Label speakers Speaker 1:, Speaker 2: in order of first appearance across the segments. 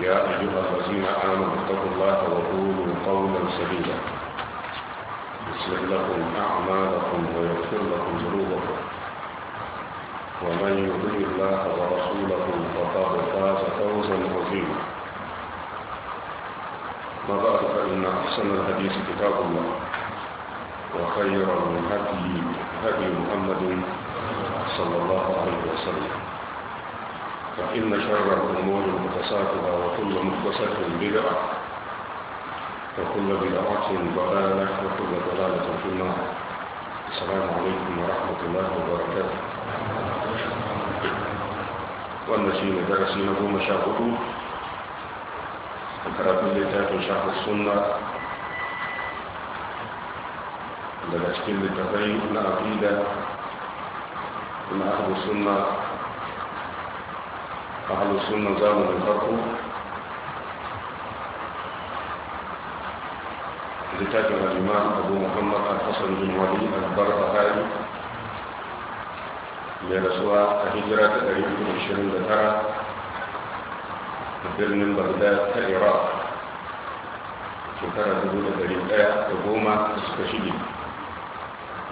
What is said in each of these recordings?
Speaker 1: يا أيها الذين آمنوا اتقوا الله وقولوا قولا سديدا يصلح لكم أعمالكم ويغفر لكم ذنوبكم ومن يطع الله ورسوله فقد فاز فوزا عظيما ما بعد فإن أحسن الحديث كتاب الله وخير الهدي هدي محمد صلى الله عليه وسلم فإن شر الأمور متساتها وكل مختصة بدعة وكل بدعة ضلالة وكل ضلالة في النار السلام عليكم ورحمة الله وبركاته والنسيم درسي هو شاهده karatu littafin shahu السنة daga cikin العقيدة من aƙida السنة أهل السنة زاموا بفرقهم لتاتي الإمام أبو محمد الحسن بن ولي البر أهالي من أسواء الهجرة تقريبا عشرين دكرة تبدل من بغداد كالعراق شكرا لدولة دليل آية تقوم تسكشيدي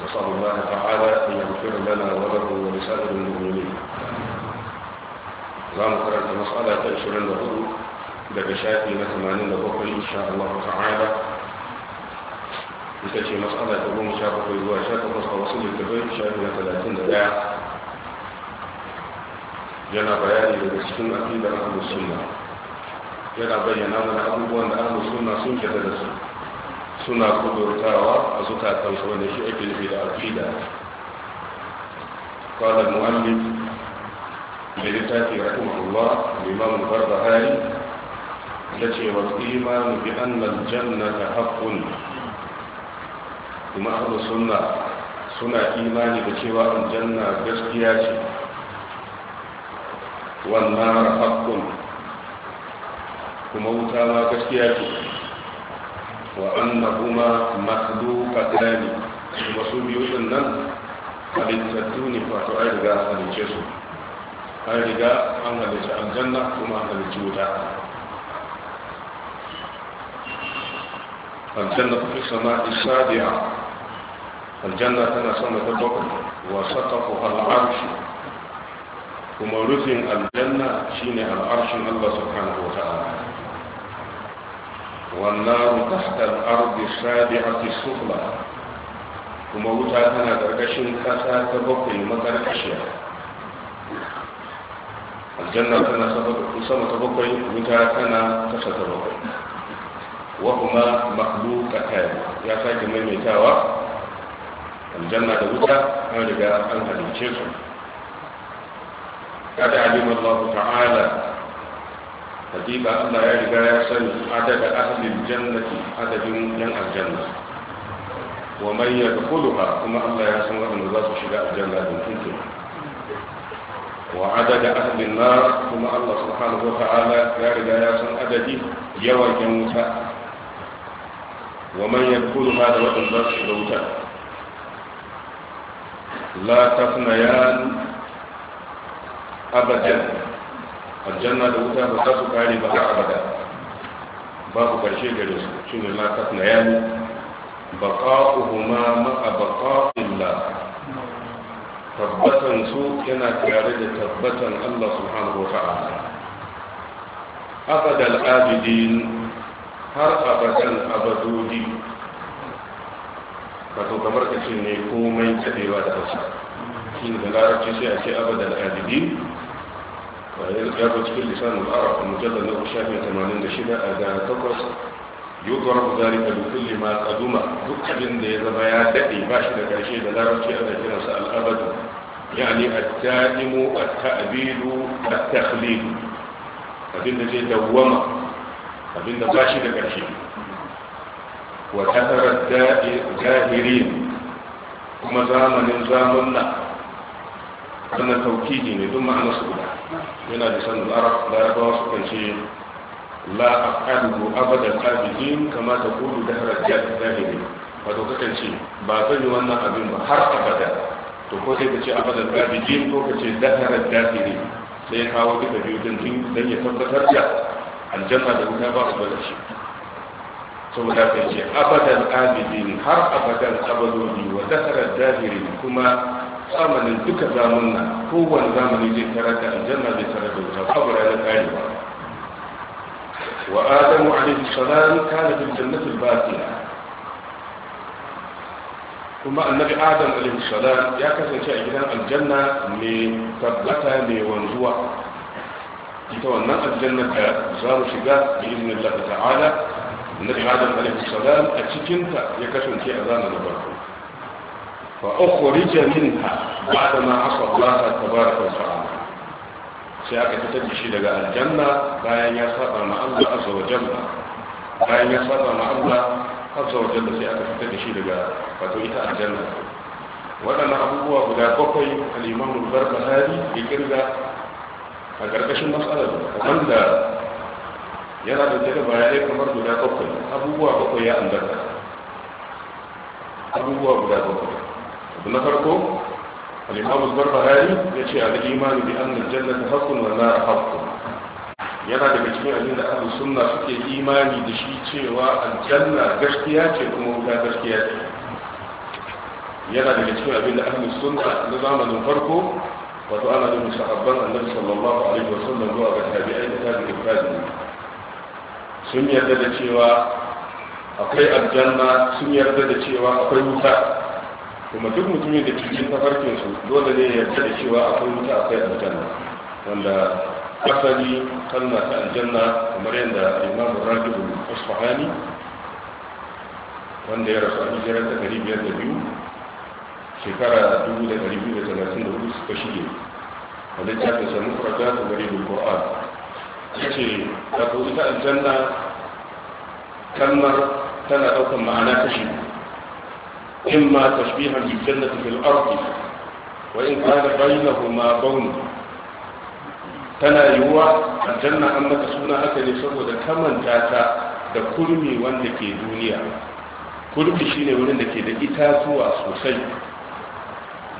Speaker 1: نسأل الله تعالى أن يغفر لنا وله ولسائر المؤمنين زمان قرأت مسألة تأشر له دقشاتي مثمانين لبقل إن شاء الله تعالى يتأشي مسألة تقوم شاكو في الواء شاكو في التواصل الكبير شاكو في ثلاثين دقاء جنا بياني لبسكين أكيد أهل السنة جنا بيانا من أبوه أن أهل السنة سنة تدسل سنة قدر تاوى أزوكا التوصول لشيء في الأرقيدة قال المؤلف للتاتي رحمه الله الإمام البربهاري التي والإيمان بأن الجنة حق kuma abu suna suna imani da cewa aljanna gaskiya ce wannan haƙƙun kuma wuta ma gaskiya ce wa annahuma makhluqatan kuma su biyu din nan halittattu ne wato ai riga halice an riga an halarci aljanna kuma an halarci wuta aljanna fi sama isadiya aljanna tana sama ta bakwai wa saqafu al'arshi kuma rufin aljanna shine al'arshin Allah subhanahu wa ta'ala والنار تحت الأرض السابعة السفلى kuma wuta tana ƙarƙashin ƙasa ta bakwai makarƙashiya aljanna tana sama ta bakwai wuta tana kasa ta bakwai wa kuma makhluqatan ya sake maimaitawa aljanna da wuta an riga an halince su kada alim Allah ta'ala hakika Allah ya riga ya sani adada ahlil jannati adadin yan aljanna wa man yadkhuluha kuma Allah ya san wanda za su shiga aljanna don tuntuba وعدد أهل النار ثم الله سبحانه وتعالى يارد ياسن أددي يوى جموتا ومن يدخل هذا وقت ذات دوتا لا تفنيان أبدا الجنة دوتا بساس كاري بها أبدا باب كرشي جريس شنو لا تفنيان بقاؤهما مع بقاء الله tabbatan su yana tare da tabbatan Allah subhanahu wata'ala abadal abidin har abadan abadodi wato kamar ka ce ne komai tsadewa da hausa shi da larabci sai a ce abadal abidin ya zo cikin lisanin arab a mujallar na da shida a ga takwas yuzurar zalika da kulli ma kaduma duk abin da ya zama ya daɗe ba shi da ƙarshe da larabci ana kiransa al'abadu yani at-ta'imu at-ta'bidu at-takhlid abinda zai dawwama abinda ba shi da ƙarshe wa tasarar zahirin kuma zamanin zamanna wannan taukidi ne duk ma'ana su guda yana da sanin larabawa su kan ce la aqadu abada qabilin kama ta kudu da harar zahirin ba zan yi wannan abin ba har abada to ko sai ka ce abadar gajijin ko ka ce daharar dafiri sai ya kawo duka biyu don don ya tabbatar da aljanna da wuta ba su bada shi saboda ka ce abadar abidin har abadan abadoni wa daharar dafiri kuma zamanin duka zamun zamanna kowane zamani zai tarar da aljanna zai tarar da wuta babu ranar karewa wa adamu alaihi salam kana fil jannati al kuma annabi adam alaihissalam ya kasance a gidan aljanna mai tabbata mai wanzuwa ita wannan aljanna da za mu shiga bi izinin Allah ta'ala annabi adam alaihissalam a cikinta ya kasance a zamanin farko fa ukhrija minha ba'da ma asalla tabaraka wa ta'ala sai aka fitar da shi daga aljanna bayan ya saba ma Allah azza wa jalla bayan ya saba ma Allah azza wa jalla sai aka fita da shi daga wato ita aljanna waɗannan abubuwa guda bakwai al-imam al-barbahari ya kirga a ƙarƙashin matsalar wanda yana da da bayanai kamar guda bakwai abubuwa bakwai ya ambata abubuwa guda bakwai abu na farko al-imam al-barbahari ya ce al bi anna al-jannata haqqun wa nar haqqun yana daga cikin abin da ahlus sunna suke imani da shi cewa aljanna gaskiya ce kuma wuta gaskiya ce yana daga cikin abin da ahlus sunna na zamanin farko wato ana da musahabban annabi sallallahu alaihi wasallam zuwa ga tabi'ai da tabi'in tabi'in sun yarda da cewa akwai aljanna sun yarda da cewa akwai wuta kuma duk mutumin da cikin tafarkin su dole ne ya yarda da cewa akwai wuta akwai aljanna wanda asali kalma ta aljanna kamar yadda imam rajibul asfahani wanda ya rasu a hijirar ta 502 shekara 2234 suka shige a littafin samun farka ta gari da ƙoran ya ce wato ita aljanna kalmar tana ɗaukar ma'ana kashi in ma tashbihan bi jannati fil ardi wa in kana bainahuma bawn tana yiwuwa aljanna an maka suna haka ne saboda kamanta ta da kurmi wanda ke duniya kurmi shine wurin da ke da itatuwa sosai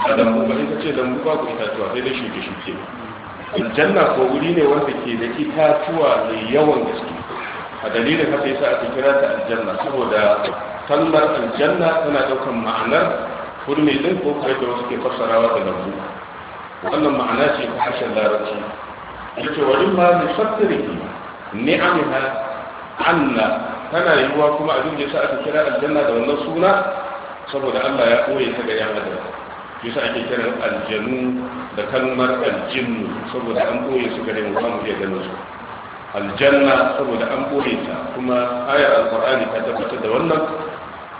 Speaker 1: a lambu ba ita ce lambu ba ku itatuwa sai da shuke shuke aljanna ko wuri ne wanda ke da itatuwa mai yawan gaske a dalilin haka yasa ake kira ta aljanna saboda kalmar aljanna tana daukan ma'anar kurmi din ko kai da wasu ke fassarawa da lambu wannan ma'ana ce ta harshen larabci yace wa imma bi fakkari ni'amha anna tana yiwuwa kuma abin da yasa aka kira aljanna da wannan suna saboda Allah ya koye ta ga yan adam yasa ake kira aljanu da kalmar aljinnu saboda an koye su gare mu kan iya ganin su aljanna saboda an koye ta kuma ayar alqur'ani ta tabbatar da wannan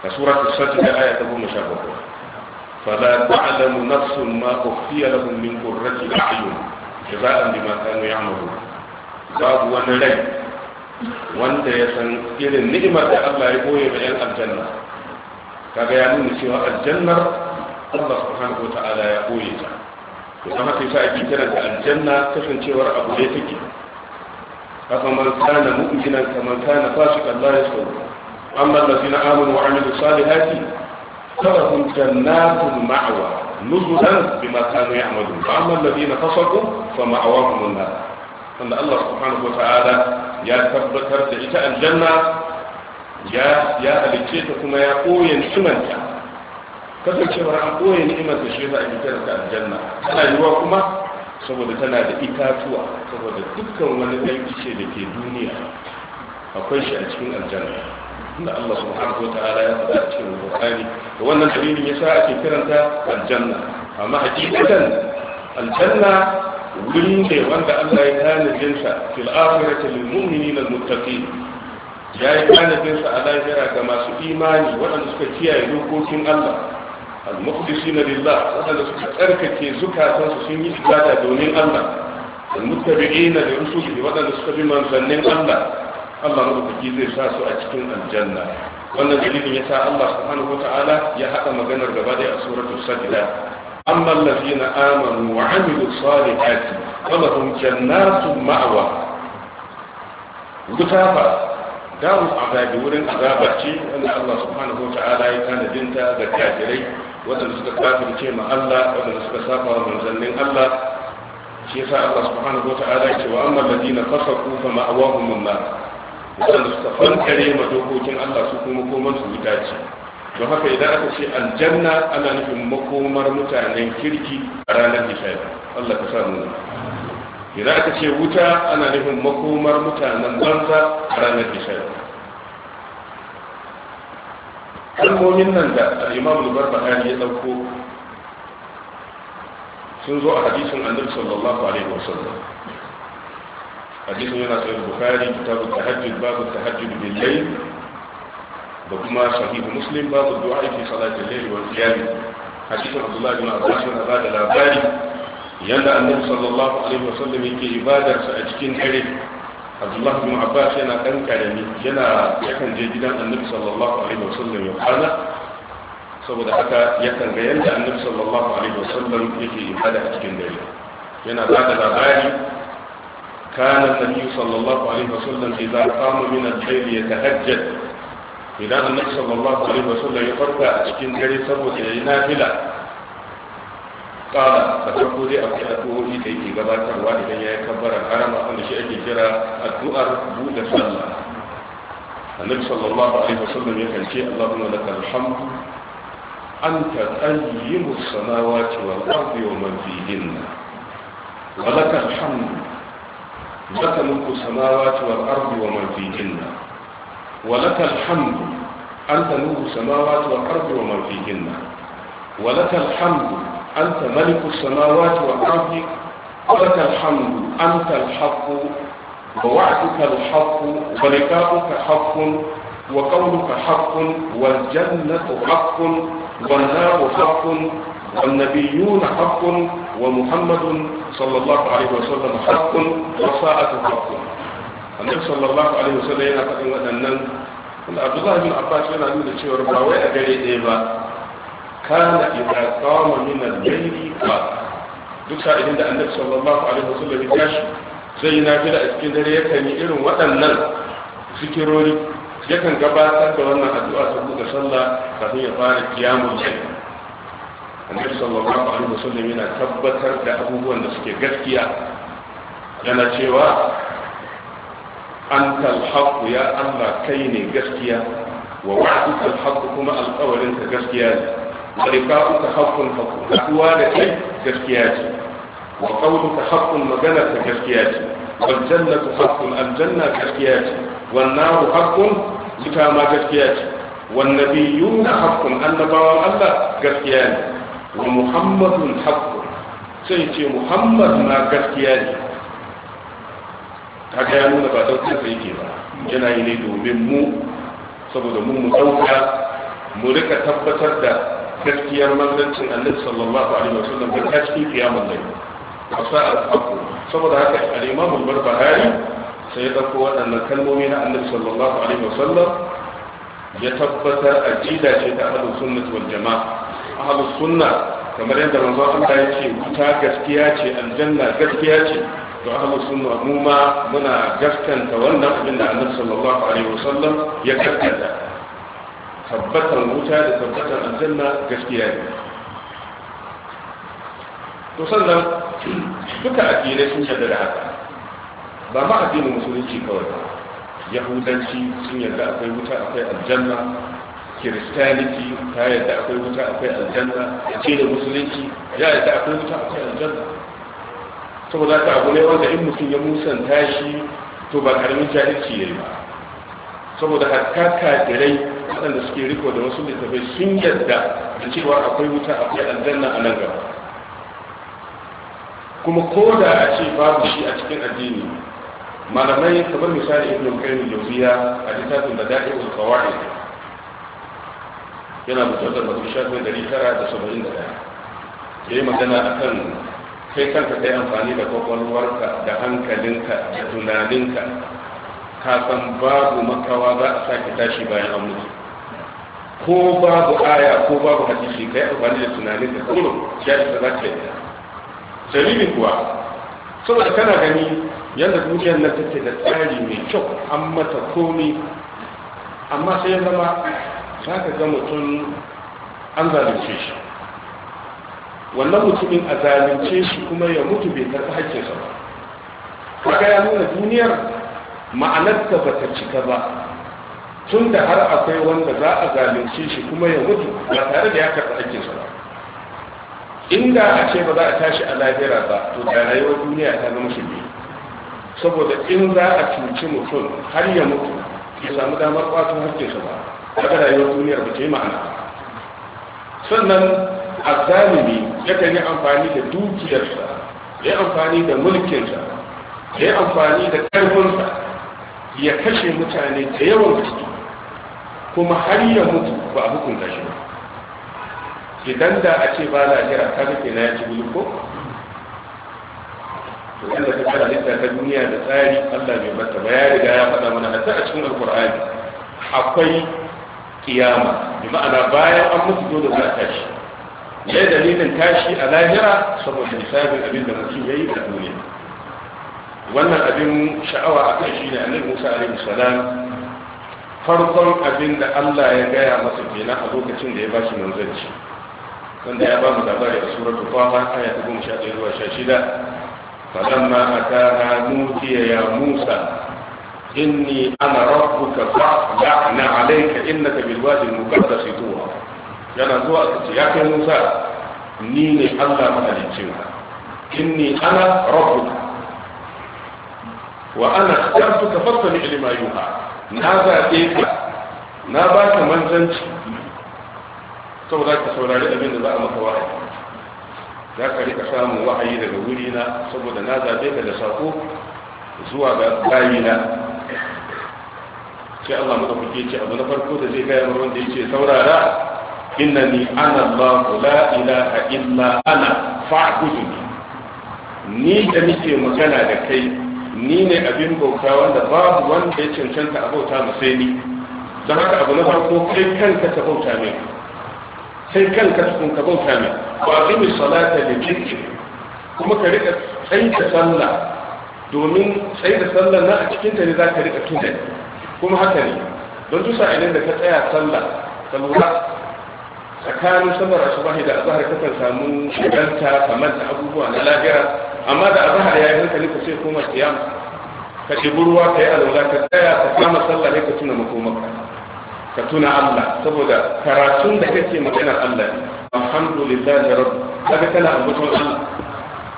Speaker 1: a suratul sajda aya ta 17 فلا تعلم نفس ما أخفي لهم من قرة أعين jaza'an bima kanu ya'malu babu wani rai wanda ya san irin ni'imar da Allah ya koye ma yan aljanna kaga ya nuna cewa aljannar Allah subhanahu wata'ala ya koye ta kusan haka yasa ake kira da aljanna kasancewar abu ne take haka man kana mu'minan kaman kana fasikan la yasau amma allazina amanu wa amilu salihati فلهم جنات المأوى نزلا بما كانوا يعملون فاما الذين فسقوا فمأواهم النار فان الله سبحانه وتعالى يا تبكر دعيت الجنة يا يا أليكيت كما يقول ينشمن كذا كما يقول ينشمن تشيرها إن تلك الجنة أنا يواكما saboda tana da itatuwa saboda dukkan wani ɗan ishe da da Allah subhanahu wata'ala ya faɗa cikin Bukhari da wannan dalilin ya yasa ake kiranta aljanna amma hakikatan aljanna wuri ne wanda Allah ya kana jin sa fil akhirati lil mu'minin al muttaqin ya yi kana jin a lafiya ga masu imani waɗanda suka kiyaye dokokin Allah al na lillah waɗanda suka tsarkake zukatan su sun yi ibada domin Allah al muttabi'ina li rusulihi waɗanda suka bi manzannin Allah Allah madaukaki zai sa su a cikin aljanna wannan dalilin ya sa Allah subhanahu wataala ya haɗa maganar gaba da suratul sajda amma allazina amanu wa amilus salihati falahum jannatun ma'wa gutafa daru azabi wurin azaba ce wanda Allah subhanahu wataala ya ta ga kafirai wadanda suka kafirce ma Allah wadanda suka saba wa manzannin Allah shi yasa Allah subhanahu wataala ya ce wa amma allazina fasaqu fa ma'awahum an-nar waɗanda kare fankare ma dokokin Allah su kuma koman su wuta ce don haka idan aka ce aljanna ana nufin makomar mutanen kirki a ranar hisabi Allah ka samu idan aka ce wuta ana nufin makomar mutanen banza a ranar hisabi kalmomin nan da al-Imam al ya dauko sun zo a hadisin Annabi sallallahu alaihi wasallam حديث من أصحاب البخاري كتاب التهجد باب التهجد بالليل وكما صحيح مسلم باب الدعاء في صلاة الليل والقيام حديث عبد الله بن عباس بن عباد الأبدالي يلا النبي صلى الله عليه وسلم في عبادة سأجكين حريف عبد الله بن عباس أنا كان كلامي يلا يكن جيدا النبي صلى الله عليه وسلم يبحانا سبب حتى يكن غير النبي صلى الله عليه وسلم في عبادة أجكين حريف يلا بعد الأبدالي كان النبي صلى الله عليه وسلم إذا قام من الليل يتهجد إذا النبي صلى الله عليه وسلم يقرأ أشكين جري سبوة نافلة قال فتقول لي أبكي أدعوه كي قبات الواحد يكبر الحرم أن شيء جرى الدعاء بود صلى النبي صلى الله عليه وسلم يقول شيء اللهم لك الحمد أنت قيم السماوات والأرض ومن فيهن ولك الحمد لك ملك السماوات والأرض ومن فيهن ولك الحمد أنت ملك السماوات والأرض ومن فيهن ولك الحمد أنت ملك السماوات والأرض ولك الحمد أنت الحق ووعدك الحق ولقاؤك حق وقولك حق والجنة حق والنار حق والنبيون حق ومحمد صلى الله عليه وسلم حق وساعة حق النبي صلى الله عليه وسلم yana faɗin waɗannan Abdullah bin Abbas yana nuna cewa ba wai a gare ba kana idza qama min al-layli fa duk sa'ilin da Annabi sallallahu alaihi wasallam ya tashi sai yana fira a cikin dare yakan yi irin waɗannan zikirori yakan gabata da wannan addu'a ta buɗe sallah kafin ya fara kiyamul annabi sallallahu alaihi wasallam yana tabbatar da abubuwan da suke gaskiya yana cewa anta alhaq ya Allah kai ne gaskiya wa wa'duka alhaq kuma alqawlin ka gaskiya ne wa liqa'uka haqqun haqq kuwa da kai gaskiya ce wa qawluka haqqun magana ka gaskiya ce wal jannatu haqqun aljanna gaskiya ce wan naru haqqun wuta ma gaskiya ce wan nabiyyuna haqqun annabawan Allah gaskiya ne wa muhammadun haqqun sai ce muhammad na gaskiya ne Ta gaya nuna ba daukar sai ke ba yana yi ne domin mu saboda mun mu ɗauka, mu rika tabbatar da gaskiyar manzancin annabi sallallahu alaihi wasallam da cikin kiyamar nan fasa'a haqqu saboda haka al-imam al-barbahari sai ya dauko waɗannan kalmomi na annabi sallallahu alaihi wa sallam, ya tabbatar aqida ce ta ahlus sunnah wal jama'a ahlus sunna kamar yadda manzo Allah ya ce wuta gaskiya ce aljanna gaskiya ce to ahlus sunna mu ma muna gaskanta wannan abin da Annabi sallallahu alaihi wasallam ya gaskanta tabbatar wuta da tabbatar aljanna gaskiya ne to sannan duka addinai sun yarda da haka ba ma addinin musulunci kawai ba yahudanci sun yarda akwai wuta akwai aljanna kiristaniki ta yadda akwai wuta akwai aljanna ya ce da musulunci ya yadda akwai wuta akwai aljanna saboda ta abu ne wanda in mutum ya musanta shi to ba karamin jahilci ya yi ba saboda hatta kadirai waɗanda suke riko da wasu littafai sun yadda da cewa akwai wuta akwai aljanna a nan gaba kuma ko da a ce babu shi a cikin addini malamai kamar misali ibn qayyim jawziya a littafin da da'ibul qawaid yana mujallar masu shafin dari tara da saba'in da ya yi magana a kan kai kanka kai amfani da kwakwalwarka da hankalinka da tunaninka ka san babu makawa za a sake tashi bayan an ko babu aya ko babu hadisi kai amfani da tunaninka Kuma ya isa za ka yi dalilin kuwa saboda kana gani yadda duniyar nan take da tsari mai kyau an mata komi amma sai ya zama za ka ga mutum an zalunce shi wannan mutumin a zalunce shi kuma ya mutu bai karɓi haƙƙinsa ba kaga ya nuna duniyar ma'anarta ba ta cika ba tun da har akwai wanda za a zalunce shi kuma ya mutu ba tare da ya karɓi haƙƙinsa ba inda a ce ba za a tashi a lahira ba to da rayuwar duniya ta zama shi saboda in za a cuci mutum har ya mutu ya samu damar ƙwato haƙƙinsa ba daga rayuwar duniyar ba ta yi ma'ana sannan azalimi yakan yi amfani da dukiyarsa ya amfani da mulkinsa ya amfani da ƙarfinsa ya kashe mutane da yawan gaske kuma har ya mutu ba a hukunta shi ba idan da a ce ba lahira ta rufe na ya ci gudu ko
Speaker 2: wanda ta kada lissa
Speaker 1: ta duniya da tsari allah bai bata ba ya riga ya faɗa mana ta a cikin alkur'ani akwai kiyama bi ma'ana bayan an mutu dole za a tashi dai dalilin tashi a lahira saboda misalin abin da mutum yayi a duniya wannan abin sha'awa a kan shi ne annabi Musa alaihi salam farkon abin da Allah ya gaya masa kenan a lokacin da ya bashi manzanci wanda ya ba mu labari a surar Taha aya ta 11 zuwa shida falamma atana nutiya ya Musa إني أنا ربك فاعنى عليك إنك بالوادي المقدس طوى يعني هو يا كي موسى نيني ألا مهلتشيها إني أنا ربك وأنا اخترتك فاصطنع لما يوحى نابا إيكا نابا كمان زنج سو ذاك سو ذاك أمين ذا أمك واحد ذاك ريك سام وحيي ذا قولينا سو ذا نازا ذاك ذا ساقو ذا قايينا sai Allah madaukake ce abu na farko da zai gaya wanda ya ce saurara innani ana Allah la ilaha illa ana fa'buduni ni da nake magana da kai ni ne abin bauta wanda babu wanda ya cancanta a bauta mu sai ni don haka abu na farko kai kanka ta bauta min sai kanka tukun ka bauta min ba zai salata da jirgin kuma ka rika tsaye da sallah domin tsaye da sallah na a cikin ta ne za ka rika tunani kuma haka ne don tusa idan da ka tsaya sallah ka lura tsakanin sallar asubahi da azhar ka kan samu shiganta kamar da abubuwa na lafiya amma da azhar yayi hankali ka sai koma siyam ka ɗibi ruwa ka yi alwala ka tsaya ka kama sallah ka tuna makomaka ka tuna Allah saboda karatun da kake maganar Allah ne alhamdulillah rabb kaga kana ambaton Allah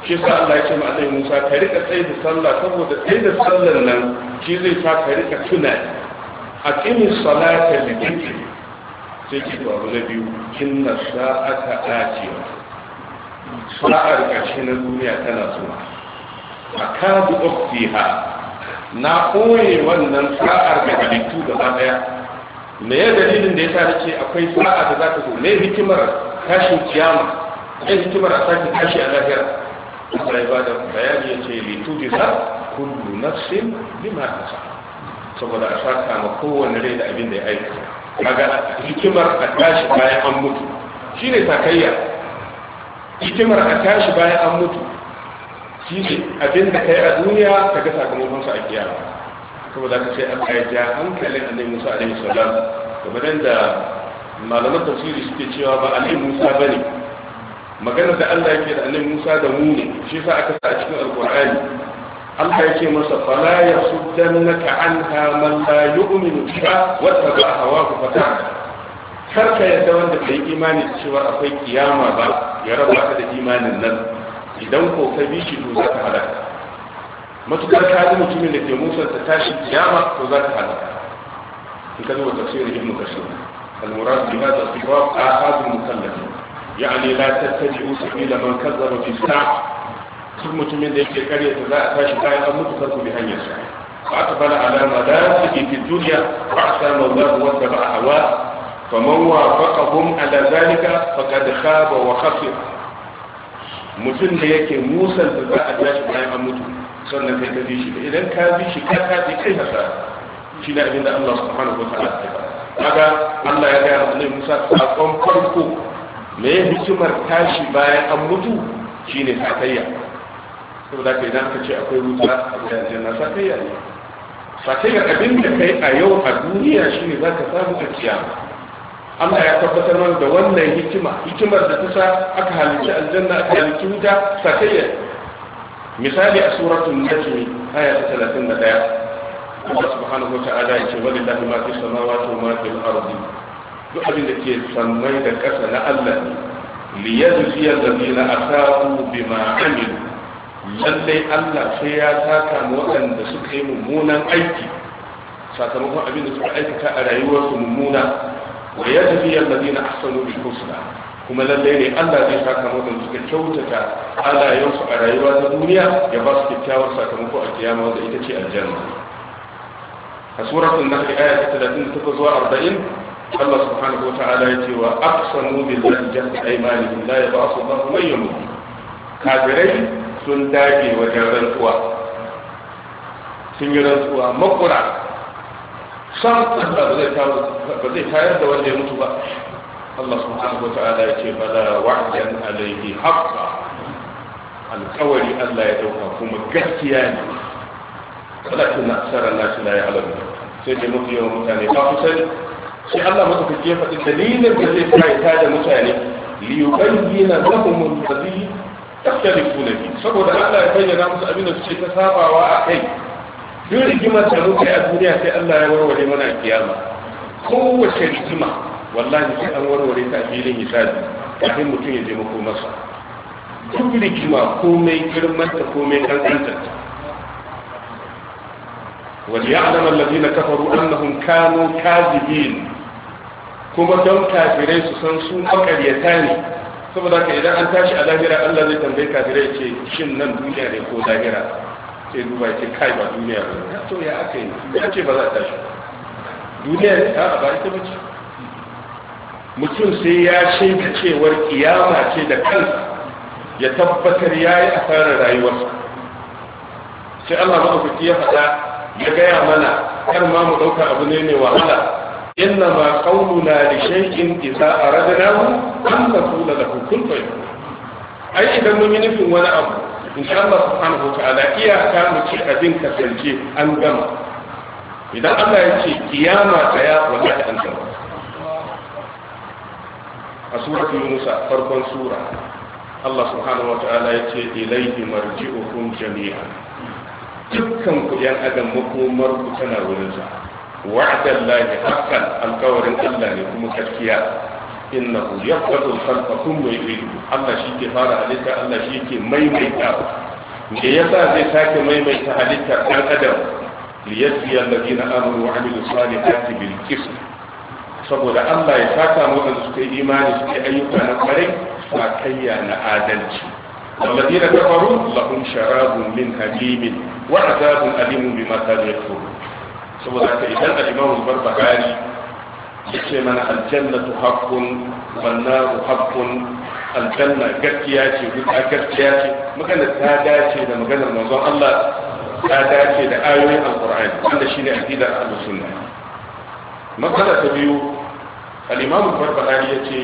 Speaker 1: shi sa Allah ya ce ma Annabi Musa ka rika tsaye da sallah saboda tsaye da sallar nan shi zai sa ka rika tuna aqimi salata da dhikri sai ki biyu abu na biyu inna sa'ata atiya sa'ar kashi na duniya tana zuwa akadu ukhtiha na ɓoye wannan sa'ar da halittu ba daya me ya dalilin da ya sa nake akwai sa'a da za ta zo me hikimar tashin kiyama me hikimar a sake tashi a lahira Allah ya bada bayani ya ce litubi za kullu nafsin bima kasa saboda a saka ma kowanne rai da abin da ya aika kaga hikimar a tashi bayan an mutu shine takayya hikimar a tashi bayan an mutu shine abin da kai a duniya kaga sakamakon sa a kiyama saboda ka ce Allah ya ja hankalin Annabi Musa alaihi salam kamar da malaman tafsiri suke cewa ba Ali Musa bane magana da Allah yake da annabi Musa da mu ne shi sa aka sa a cikin alqur'ani Allah yake masa fala ya yasuddannaka anha man la yu'minu bika wa tabi'a hawahu fata kar ka yadda wanda bai imani cewa akwai kiyama ba ya raba ka da imanin nan idan ko ka bi shi to za ka halaka matukar ka ji mutumin da ke musa ta tashi kiyama to za ka halaka in ka zo tafsirin ibn kasir al-murad bi hadha al-sirab ahad al-mukallafin يعني لا تتبعوا سبيل من كذب في الساعة duk mutumin da yake kare ta za a tashi bayan an mutu sarku bi hanyar sa fa aqbala ala madafiki fi dunya wa ahsana Allah wa taba'a hawa fa man wafaqahum ala zalika faqad khaba wa khasira mutum da yake musan da za a tashi bayan an mutu sannan kai ka bi shi idan ka bi shi ka ka bi kai hasa shi ne abinda Allah subhanahu wa ta'ala ya faɗa kaga Allah ya ga Annabi Musa a farko me hikimar tashi bayan an mutu shine sakayya saboda kai idan aka ce akwai wuta a cikin na sakayya ne sakayya abin da kai a yau a duniya shine za ka samu a kiyama Allah ya tabbatar mana da wannan hikima hikimar da kusa aka halicci aljanna aka halicci wuta sakayya misali a suratul najm aya ta 31 Allah subhanahu wa ta'ala ya ce walillahi ma fis samawati wa ma fil ardi duk abin da ke sammai da ƙasa na Allah ne liyajziyal ladina asabu bima amilu lallai Allah sai ya taka mu waɗanda suka yi mummunan aiki sakamakon abin da suka aikata a rayuwarsu mummuna wa ya yajziyal ladina ahsanu bil husna kuma lallai ne Allah zai saka mu waɗanda suka kyautata halayensu a rayuwa ta duniya ya ba su kyakkyawar sakamako a kiyama wanda ita ce aljanna a suratul nahl aya ta 38 zuwa 40 الله سبحانه وتعالى يتي واقسموا بالله جهد ايمانهم لا يبعث الله من يموت كافرين سنتاجي وجاران قوى سنجران قوى مقرع شرط الله بزي تاو بزي تاو دوالي يموتوا الله سبحانه وتعالى يتي فلا وعدا عليه حقا أن ألا يدوها كم كهتياني ولكن أكثر الناس لا يعلمون سيدي مطيع ومتاني فاقسل الله متفجئ فالدليل الذي فيه هذا مثال ليبين لهم الذي تختلفون فيه فقد الله يبين لهم سأبين الشيء تسابع وآخي في رجمة نوك أدوني أتي الله يورور لمنا القيامة هو شريكمة والله يتأم ورور لتأجيل نساد لكن متين يزمكو مصر كل رجمة كومي كرمة كومي كانت وليعلم الذين كفروا أنهم كانوا كاذبين kuma don kafirai su san su makaryata ne saboda ka idan an tashi a lahira Allah zai tambayi kafirai ce shin nan duniya ne ko lahira sai duba ce kai ba duniya ba to ya aka yi ya ce ba za a tashi duniya ne ta ba ita mace mutum sai ya shaida cewar kiyama ce da kansa ya tabbatar ya yi asarar rayuwarsa sai Allah ma'aikaci ya faɗa ya gaya mana kar ma mu ɗauka abu ne ne wahala inna ma qauluna li shay'in idza aradnahu an naqula lahu kun fayakun ai idan mun yi nufin wani abu Insha Allah subhanahu wa ta'ala iyaka mu ci abin kasance an gama idan Allah ya ce kiyama tsaya wallahi an gama a suratul yunus farkon sura Allah subhanahu wa ta'ala ya ce ilayhi marji'ukum jami'an dukkan ku yan adam makomar ku tana wurin sa وعد الله حقا الكور الا لكم كتكيا انه يفقد الخلق ثم يعيده الله شيك فار عليك الله شيك ميميتا ده يسا زي ساك ميميتا عليك ان ادم ليجزي الذين امنوا وعملوا الصالحات بالكسر saboda Allah ya saka mu da suke imani suke ayyuka na kare sakayya na adalci wallahi da kafaru lahum sharabun min hadimin wa azabun alimun bima kanu yakfurun saboda haka idan al-imamu ya ce mana aljanna aljannatu haqqun banna naru haqqun aljanna gaskiya ce guda gaskiya ce magana ta dace da maganar manzon Allah ta dace da ayoyin alqur'ani wanda shine aqidar ahlus sunna masala ta biyu ya ce, imamu barbahari yace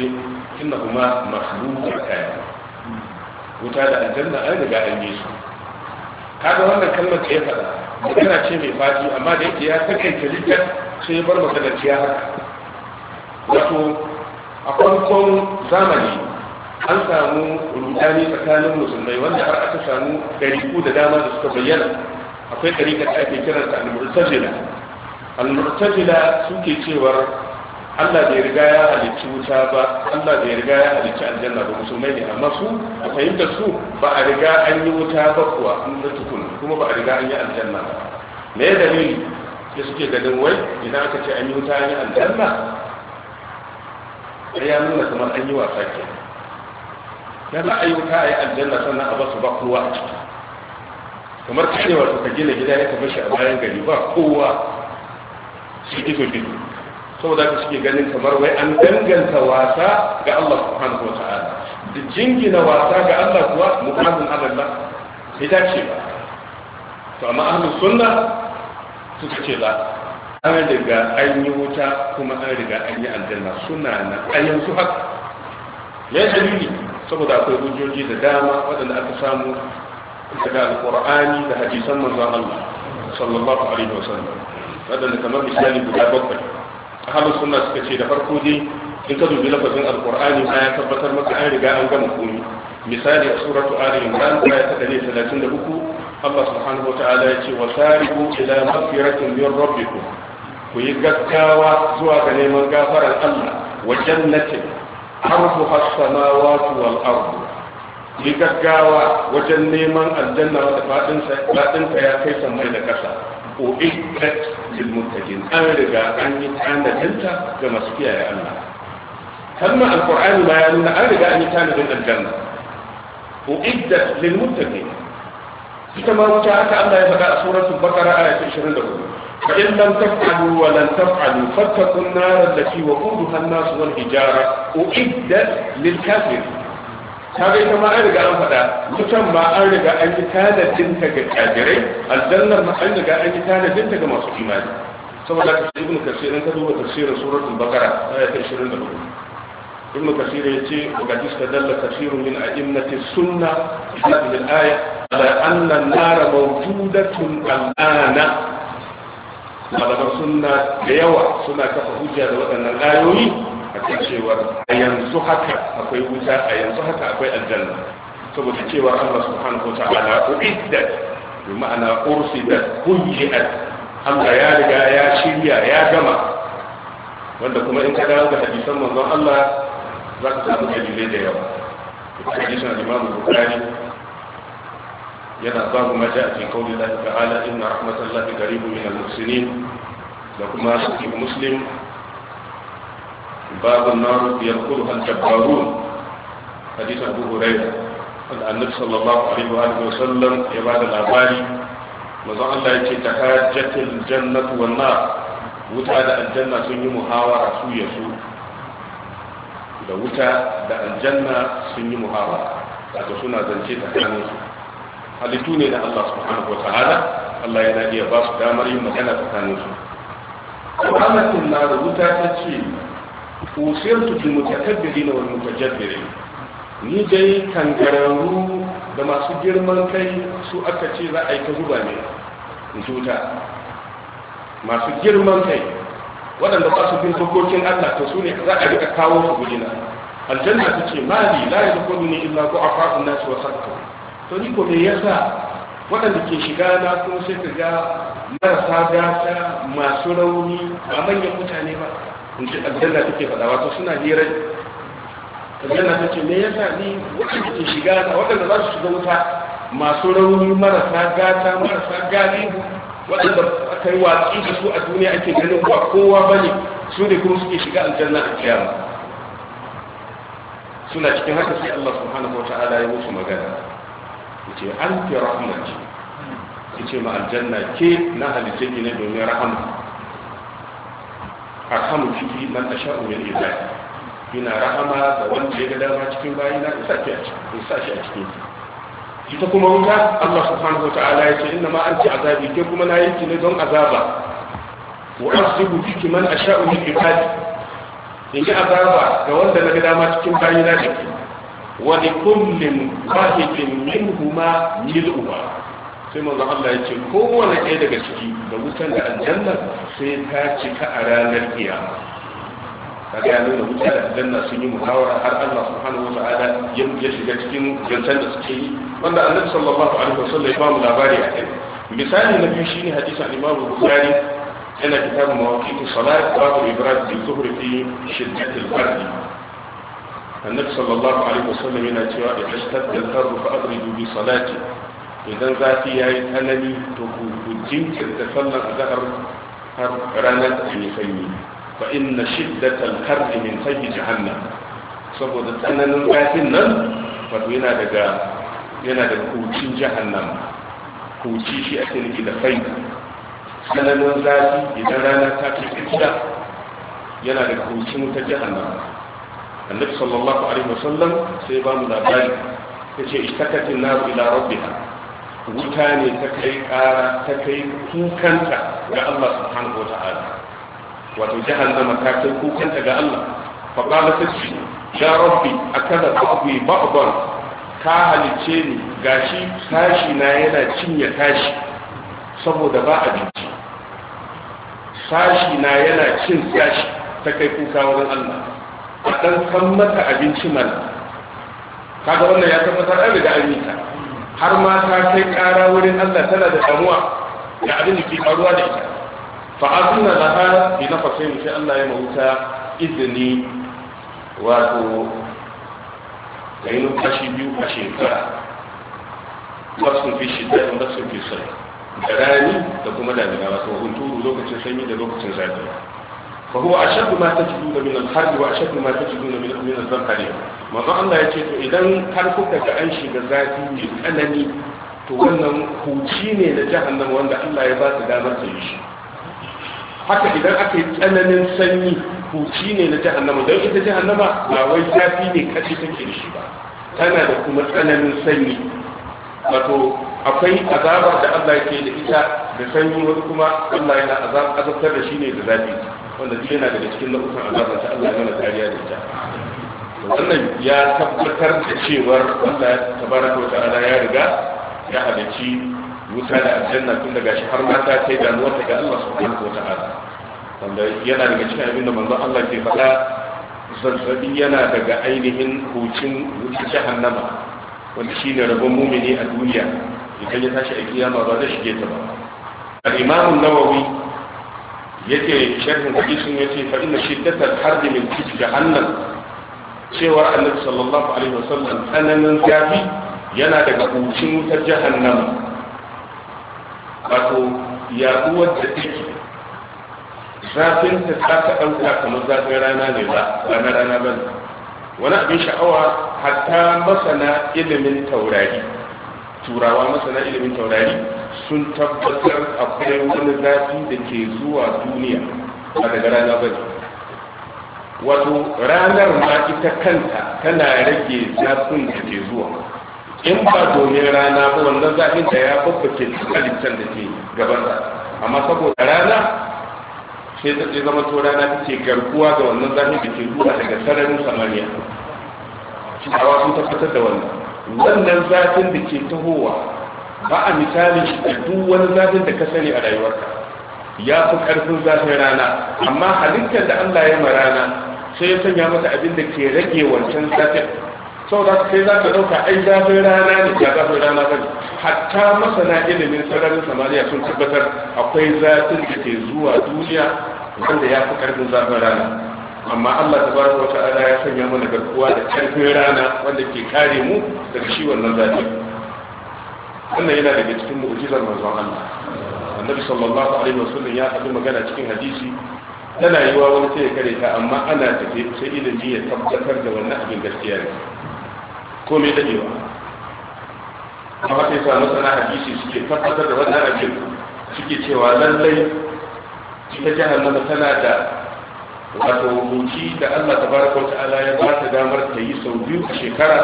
Speaker 1: innahuma kayan. wuta da aljanna an riga an yi su kaga wannan kalmar ce ya faɗa magana ce mai fadi, amma da yake ya sakaice litar sai ya bar magana haka wato a farkon zamani an samu rudani tsakanin musulmai wanda har aka samu ɗariku da dama da suka bayyana akwai ɗarikar da ake kiransa al-murtajila al-murtajila suke cewar Allah bai riga ya halicci wuta ba Allah bai riga ya halicci aljanna ba musulmai ne amma su a fahimta su ba a riga an yi wuta ba kuwa an da tukun kuma ba a riga an yi aljanna ba me ya dalili da suke ganin wai idan aka ce an yi wuta an yi aljanna ya nuna kamar an yi wasa ke ya za a yi wuta a yi aljanna sannan a basu ba kowa a ciki kamar kanewa ka gina gida ya tafashe a bayan gari ba kowa shi ido biyu saboda ka suke ganin kamar wai an danganta wasa ga Allah subhanahu wa ta'ala da jingina wasa ga Allah kuwa mu'adun Allah ta ce ba to amma ahlus sunna suka ce ba an riga an yi wuta kuma an riga an yi aljanna suna na a su haka ya dalili saboda akwai hujjoji da dama waɗanda aka samu daga alƙur'ani da hadisan manzon Allah sallallahu alaihi wasallam waɗanda kamar misali guda bakwai ahlus sunna suka ce da farko dai in ka dubi lafazin alqur'ani ma ya tabbatar maka an riga an gama komai misali a suratu ali imran da ta Allah subhanahu wataala ya ce wasariqu ila maghfiratin min rabbikum ku yi gaggawa zuwa ga neman gafarar Allah wa jannatin arduha as wal ardu
Speaker 3: yi gaggawa wajen neman aljanna wanda fadinsa ya kai sammai da kasa
Speaker 1: ƙasa uiddat lil muttaqin an riga an yi tana dinta ga masu kiyaye Allah kamma alqur'ani ma ya nuna an riga an yi tana dinta aljanna uiddat lil muttaqin ita ma wuta haka Allah ya faɗa a suratul baqara ayat 24 فإن لم تفعلوا ولن تفعلوا فاتقوا النار التي وقودها الناس والحجارة أعدت للكافرين ta bai ma an riga an faɗa mutan ma an riga an yi tanadin ta ga kajirai aljannar ma an riga an yi tanadin ta ga masu imani saboda ka ce ibnu kasir in ka duba tafsirin suratul baqara aya ta 24 ibnu kasir ya ce ga diska dalla kasirun min a'immati sunna fi al-aya ala anna an-nara mawjudatun al-ana malaman sunna da yawa suna kafa hujja da waɗannan ayoyi a cewar a yanzu haka akwai wuta a yanzu haka akwai aljanna saboda cewa Allah subhanahu wata'ala uiddat bi ma'ana ursidat kunjiat Allah ya riga ya shirya ya gama wanda kuma in ka dawo ga hadisan manzon Allah za ka samu dalilai da yawa hadisan Imam Bukhari yana babu ma ja'a fi qawli Allah ta'ala inna rahmatallahi qaribun minal muslimin da kuma sahih Muslim باب النار يدخلها الجبارون حديث ابو هريره قال النبي صلى الله عليه واله وسلم عباد الاباري مزا الله يتي تهاجت الجنه والنار وتا ده الجنه سن يمو حوار سو يسو ده وتا ده الجنه سن يمو حوار ده سنا زنجي تكانو حديثو ني ده الله سبحانه وتعالى الله ينادي يا باس دامر يمكنه تكانو سبحانه النار وتا تشي usirtu bil mutakabbirin wani mutajabbirin ni dai kangararru da masu girman kai su aka ce za a yi ta zuba ne in tuta masu girman kai waɗanda ba su bin dokokin Allah to su ne za a rika kawo su gudina aljanna ta ce mali la ya dukkan ne illa ko a faɗin nasu wa sakka to ni ko dai yasa waɗanda ke shiga na kuma sai ka ga marasa gata masu rauni ba manyan mutane ba in ji aljanna take faɗa wato suna hira aljanna ta ce me yasa ni waɗanda ke shiga waɗanda za su shiga wuta masu rauni marasa gata marasa galibu waɗanda aka yi watsi da su a duniya ake ganin ba kowa ba ne su ne kuma suke shiga aljanna a kiyama suna cikin haka sai Allah subhanahu wata'ala ya musu magana ce an fi rahmati ce ma aljanna ke na halitta ne domin rahama akamu fihi man asha'u min ibadi ina rahama da wanda ya ga dama cikin bayi na isa a cikin isa shi a cikin ita kuma wuta Allah subhanahu wa ta'ala ya ce inna ma anti azabi ke kuma na yanki ne don azaba wa asibu fiki man asha'u min ibadi in yi azaba ga wanda na ga dama cikin bayi na jiki wa li kullin wahidin huma mil'uha sai manzo Allah ya ce kowane ɗaya daga ciki da wutan da aljanna sai ta cika a ranar kiyama kaga ya nuna wuta da aljanna sun yi muhawara har Allah subhanahu wa ta'ala ya shiga cikin zancen da suke yi wanda annabi sallallahu alaihi wasallam ya ba labari a kai misali na biyu shine hadisi an imamu Bukhari yana kitabun mawaqiti salat babu ibrahim bi zuhri fi shiddat al annabi النبي صلى الله عليه وسلم idza ishtadda اشتد harru فأضرب بصلاتي idan zafi ya yi tsanani to ku jinkirta sallar azahar har ranar ta yi sanyi fa inna shiddatal da min sayyi jahannam saboda tsananin zafin nan wato yana daga yana daga kucin jahannam kuci shi ake nufi da fai tsananin zafi idan rana ta fi tsakiya yana daga kucin ta jahannam annabi sallallahu alaihi wasallam sai ba mu labari Ta ce yace ishtakatin nar ila rabbiha wuta ne ta kai ƙara ta kai kukanta ga Allah subhanahu wata'ala wato jahannama ta kai kukanta ga Allah fa qala tashi ya rabbi akala ba'dhi ba'dan ka halice ni gashi tashi na yana cinye tashi saboda ba a jiki. sashi na yana cin sashi ta kai kuka wurin Allah a dan kan mata abinci mana kaga wannan ya tabbatar an riga an yi ta har ma ta kai ƙara wurin Allah tana da damuwa da abin da ke faruwa da ita fa azna laha bi nafasin sai Allah ya mauta izini wato kai numfashi biyu a shekara wasu fi shi, da wasu fi sai da rani da kuma damina wato hunturu lokacin sanyi da lokacin zafi فهو أشد ما تجدون من الحرب وأشد ما تجدون من من ما الله to idan har kuka ga an shiga zafi mai tsanani to wannan huci ne da jahannama wanda Allah ya ba damar ta yi shi haka idan aka yi tsananin sanyi huci ne don ne take da shi ba tana da kuma tsananin sanyi wato akwai azabar da Allah yake da ita da sanyi wani kuma Allah yana azabtar da shi ne da zafi wanda duk yana daga cikin nau'ukan azaba ta Allah yana kariya da ita wannan ya tabbatar da cewar Allah bara wa ta'ala ya riga ya halici wuta da aljanna tun daga shi har mata kai damuwar ta ga Allah subhanahu wa ta'ala wanda yana daga cikin abin da manzon Allah ke faɗa zazzabi yana daga ainihin hucin wuce jahannama wanda ne rabon mumini a duniya idan ya tashi a kiyama ba zai shige ta ba al-imam nawawi yake sharhin hadisin yace fa inna shiddatal harb min jahannam cewa annabi sallallahu alaihi wasallam tsananin zafi yana daga kucin wutar jahannama wato yaduwar da take zafin ta ta ta dauka kamar zafin rana ne ba rana rana ba ne. wani abin sha'awa hatta masana ilimin taurari turawa masana ilimin taurari sun tabbatar akwai wani zafi da ke zuwa duniya ba daga rana ba ne wato ranar ma ita kanta tana rage zafin da ke zuwa in ba domin rana ba wannan zafin da ya ke halittar da ke gaban ta amma saboda rana sai ta ce zama to rana ta ce garkuwa ga wannan zafin da ke zuwa daga sararin samaniya shi sun tabbatar da wannan wannan zafin da ke tahowa ba a misali duk wani zafin da ka sani a rayuwarka ya fi karfin zafin rana amma halittar da Allah ya ma rana sai ya sanya masa abin da ke rage wancan zafin sau da sai za ka ɗauka ai zafin rana ne ya zafin rana ba hatta masana ilimin sararin samariya sun tabbatar akwai zafin da ke zuwa duniya wanda ya fi karfin zafin rana amma Allah tabaraka wa ta'ala ya sanya mana garkuwa da karfin rana wanda ke kare mu daga shi wannan zafi wannan yana daga cikin mu'jizar manzon Allah annabi sallallahu alaihi wasallam ya faɗi magana cikin hadisi tana yiwa wani sai ya kare ta amma ana tafe sai ilimi ya tabbatar da wannan abin gaskiya ne ko me yiwa amma sai sa masana hadisi suke tabbatar da wannan abin suke cewa lallai ita jahannama tana da wato hukunci da Allah tabaraka wa ta'ala ya ba ta damar ta yi sau biyu a shekara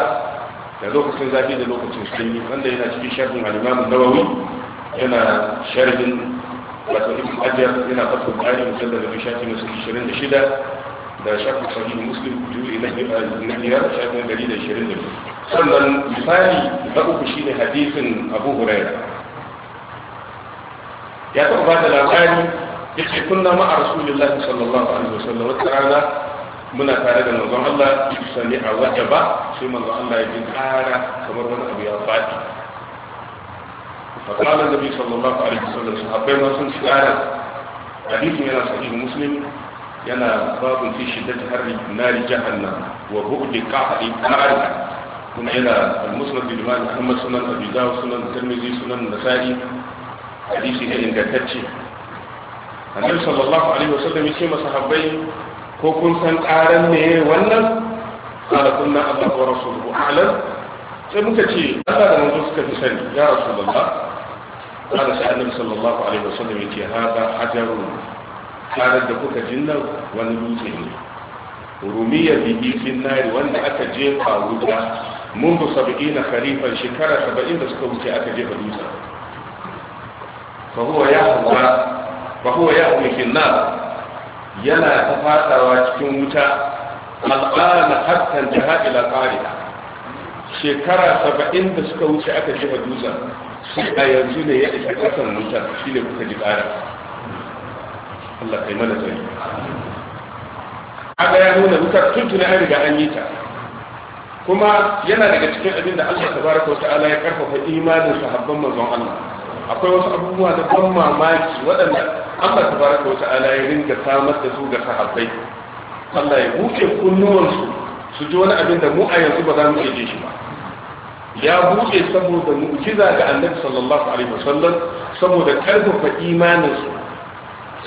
Speaker 1: da lokacin zafi da lokacin sanyi wanda yana cikin sharhin al-imam nawawi yana sharhin wato ibn ajar yana fatul qari mujallad bi shafi na 26 da shafin sahih muslim juzu na biyar shafi na da sannan misali na uku shine hadisin abu hurairah ya tabbata da labari yace kunna ma'a rasulullahi sallallahu alaihi wasallam wata rana muna tare da manzon Allah sami a waje ba sai manzon Allah ya jin kara kamar wani abu ya faɗi فقال النبي صلى الله عليه وسلم صحابي ما سن سؤالا حديث ينا صحيح مسلم ينا باب في شدة حر نار جهنم وبعد قعر نار كما ينا المسند لمن محمد سنن أبي داود سنن الترمذي سنن النسائي حديثه إن النبي صلى الله عليه وسلم يسمى صحابي ko kun san ƙaran ne wannan ƙara sunna Allah wa rasuluhu alam sai muka ce Allah da manzo suka fi sani ya rasulullah kada sai annabi sallallahu alaihi wasallam yake hada hajarun ƙarar da kuka jinna wani dutse ne rumiya bihi fin nari wanda aka jefa wuta mundu sab'ina kharifan shekara 70 da suka wuce aka jefa dutsen fa huwa ya huwa fin nari yana ta fadawa cikin wuta al'ana hatta jaha ila qari'a shekara 70 da suka wuce aka ji haduza shi a yanzu ne ya isa kasan wuta shi ne kuka ji ƙara Allah kai mana zai aga ya nuna wuta tuntuna an riga an yi ta kuma yana daga cikin abin da Allah tabaraka wa ta'ala ya karfafa imanin sahabban manzon Allah akwai wasu abubuwa da ban mamaki waɗanda Allah fara wa ta'ala ya ringa samar da su ga sahabbai Allah ya buke kunnuwansu su ji wani abin da mu a yanzu ba za mu iya shi ba ya buke saboda mu'jiza ga annabi sallallahu alaihi wasallam saboda karfafa imaninsu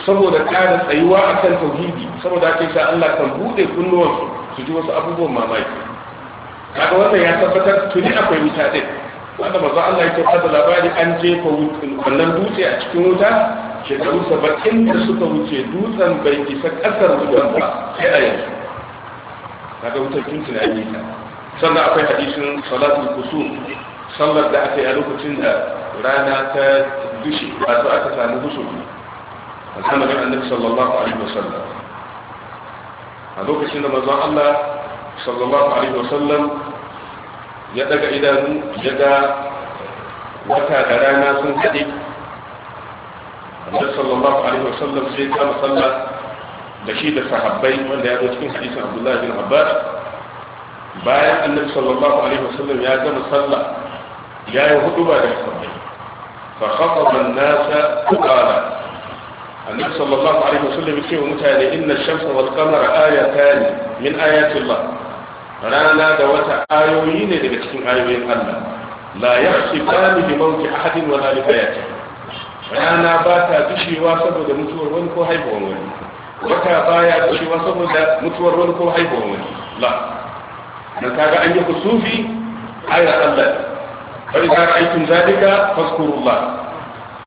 Speaker 1: saboda ƙara tsayuwa akan tauhidi saboda ake sai Allah kan buɗe kunnuwansu su ji wasu abubuwan mamaki kaga wannan ya tabbatar tuni akwai wuta wanda maza Allah ya kyauta da labari an jefa wannan dutse a cikin wuta shekaru saba'in da suka wuce dutsen bai isa ƙasar wutan ba sai a yanzu kaga wutar tun tunani ta sannan akwai hadisin salatul kusum sallar da aka yi a lokacin da rana ta dushe wato aka samu husumi a zamanin annabi sallallahu alaihi wasallam a lokacin da maza Allah sallallahu alaihi wasallam ya daga idanu ya ga wata da rana sun haɗe annabi sallallahu alaihi wasallam sai kama sallah da shi da sahabbai wanda ya zo cikin hadisin abdullahi bin abbas bayan annabi sallallahu alaihi wasallam ya gama sallah ya yi hudu ba da sahabbai fa khataba an-nasa qala النبي صلى الله عليه وسلم يقول متعالي إن الشمس والقمر آيتان من آيات الله rana da wata ayoyi ne daga cikin ayoyin Allah la yakhshi bani bi mawti ahadin wa la bayati rana ba ta bishewa saboda mutuwar wani ko haihuwar wani wata baya bishewa saboda mutuwar wani ko haihuwar wani la dan kaga an yi kusufi ayar Allah fa idza ra'aytum zalika fazkurullah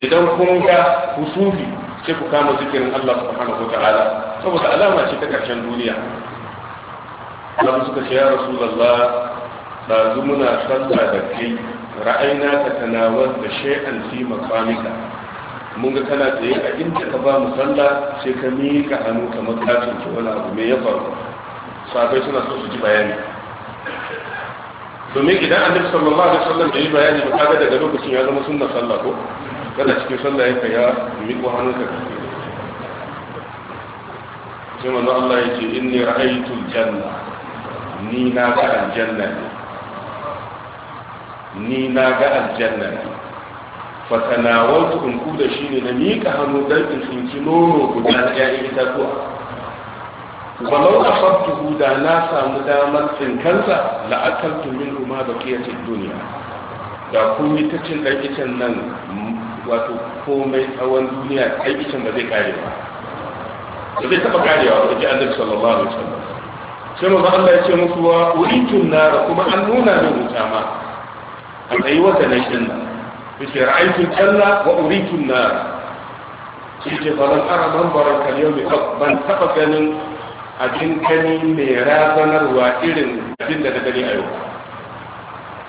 Speaker 1: idan kun ga kusufi sai ku kama zikirin Allah subhanahu wa ta'ala saboda alama ce ta karshen duniya kan suka ce ya rasulullah dazu muna sallah da kai ra'ayna ta tanawar da shay'an fi maqamika mun ga kana tsaye a inda ka ba mu sallah sai ka miƙa hannu kamar ka ki wani abu me ya faru Sabai suna so su ji bayani
Speaker 2: domin idan an annabi sallallahu sallar da bai bayani ba kaga daga
Speaker 1: lokacin ya zama sunna sallah ko kada cikin sallah yake ya miƙo hannunka sai manzo Allah ya ce inni ra'aytu janna ni na ga aljanna ne ni na ga aljanna ne fatanawar ku da shi ne na miƙa hannu don in tsinci nono guda ya yi ta kuwa walau a fattuhu da na samu damar tsinkansa la'akaltu min kuma da kiyacin duniya da kun yi ta cin ɗan nan wato komai tsawon duniya ɗan ba zai kare ba ba zai taɓa karewa ba ji annabi sallallahu alaihi wasallam sai manzo Allah ya ce musu wa uritun nara kuma an nuna min wuta ma a tsayi wata na shin nan yace ra'aytu janna wa uritun nara yace fa lan ara man baraka yau bi ban taba ganin abin kani mai razanarwa irin abin da na gani a yau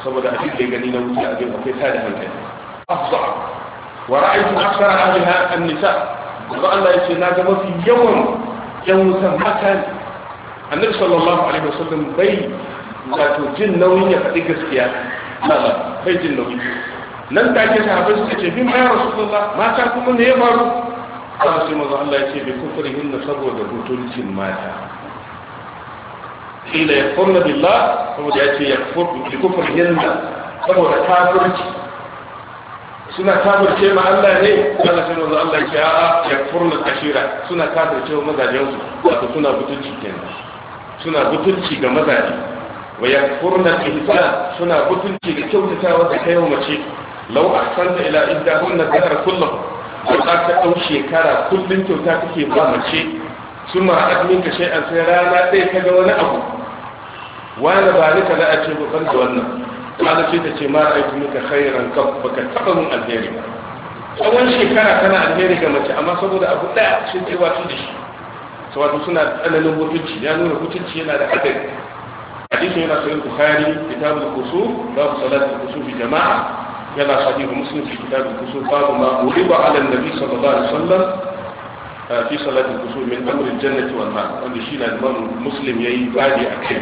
Speaker 1: saboda abin da gani na wuce abin akwai tada hankali afza wa ra'aytu akthara ahliha an-nisa manzo Allah ya ce na ga mafi yawan yan wutan mata ne annabi sallallahu alaihi wasallam bai wato jin nauyin ya faɗi gaskiya Allah bai jin nauyi nan take sahabbai suka ce bin ya rasulullah mata kuma ne ya faru Allah sai manzo Allah ya ce bai bi kufrihin saboda butulcin mata kila ya furna billah saboda ya ce ya furna bi kufrihin
Speaker 2: saboda kafirci
Speaker 1: suna kafirce ma Allah ne Allah sai manzo Allah ya ce a'a ya furna ashira suna kafirce wa mazajen su wato suna butulci kenan suna butulci ga mazaje wa yakfurna ihsan suna butulci ga kyautatawa da kai mace law ahsanta ila iddahunna dhakar kullahu ko za ta dau shekara kullun kyauta kake ba mace suma adminka shay'an sai rana ɗaya ka ga wani abu wani ba ni kaza a ce ba da wannan kala ce ta ce ma aiki muka khairan kaf baka taba mun alheri ba
Speaker 2: tsawon shekara kana
Speaker 1: alheri ga mace amma saboda abu ɗaya sun ce wasu da shi wato suna tsananin mutunci ya nuna mutunci yana da hadari hadisi yana sahih bukhari kitabul kusuf babu salatul kusuf jama'a yana sahih muslim fi kitabul kusuf babu ma uriba ala nabi sallallahu alaihi wasallam fi salatul kusuf min amr jannati wal nar wanda shi na imam muslim yayi bayani akai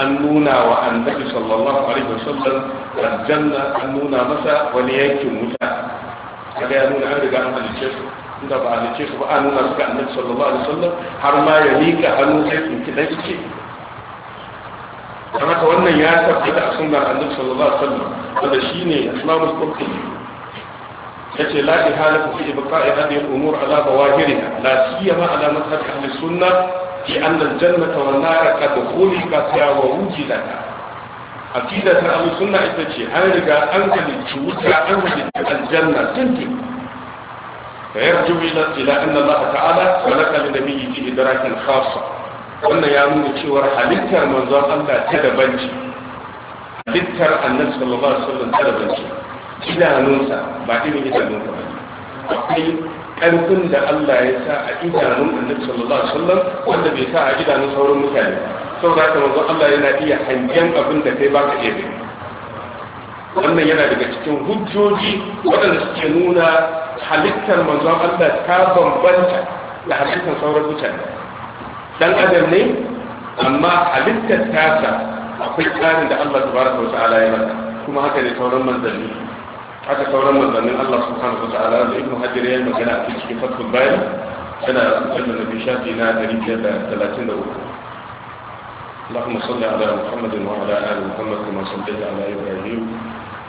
Speaker 1: an nuna wa annabi sallallahu alaihi wasallam aljanna an nuna masa wani yankin wuta kaga ya nuna an riga an halice su inda ba halice su ba a nuna suka annabi sallallahu alaihi wasallam har ma ya mika hannu sai tsinki dan ce? don haka wannan ya tabbata a sunnar annabi sallallahu alaihi wasallam wanda shine imamu qurtubi yace la ihalatu fi ibqa'i hadhihi al-umur ala zawahiriha la siyama ala madhhab ahli sunnah bi anna al-jannata wan nara qad khuliqat wa wujidat aqidar ahli sunna ita ce an riga an halicci wuta an halicci aljanna tintin فيرجو إلى أن الله تعالى خلق لنبيه إدراك خاصة وأن يعلم تشور حلتر منظر الله تدبنجي حلتر النبي صلى الله عليه وسلم تدبنجي إلى ننسى بعدين إلى ننسى أقول ƙarfin da Allah ya sa a idanun annabi sallallahu alaihi wasallam wanda bai sa a idanun sauran mutane saboda haka manzon Allah yana iya hangen abin da kai baka iya gani wannan yana daga cikin hujjoji waɗanda suke nuna halittar manzon Allah ta bambanta da halittar sauran mutane dan adam ne amma halittar tasa akwai tsarin da Allah subhanahu wa ta'ala ya mata kuma haka ne sauran manzanni haka sauran manzannin Allah subhanahu wa ta'ala da ibnu hajar ya magana a cikin fatul bayan sana sunan nabi shafi na 133 اللهم صل على محمد وعلى آل محمد كما صليت على إبراهيم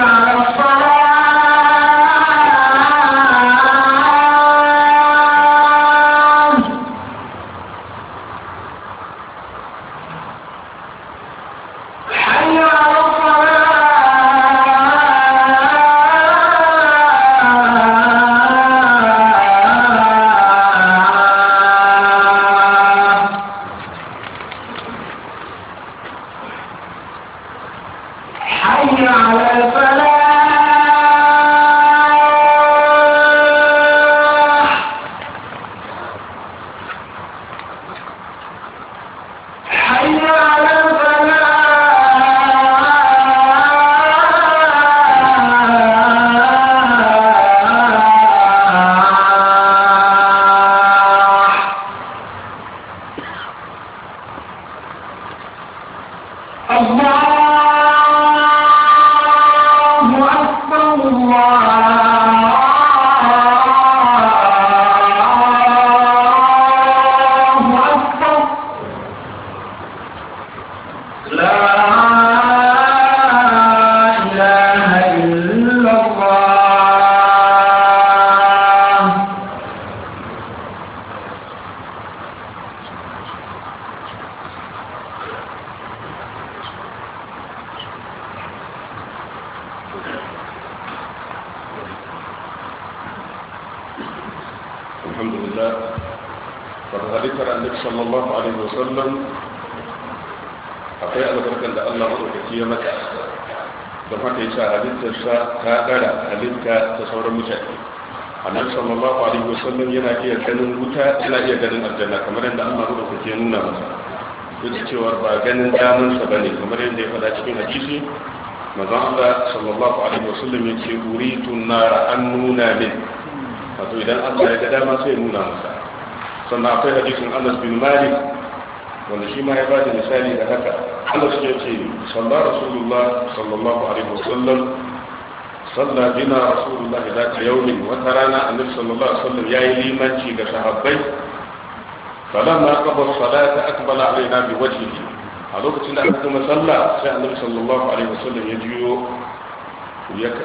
Speaker 1: Maria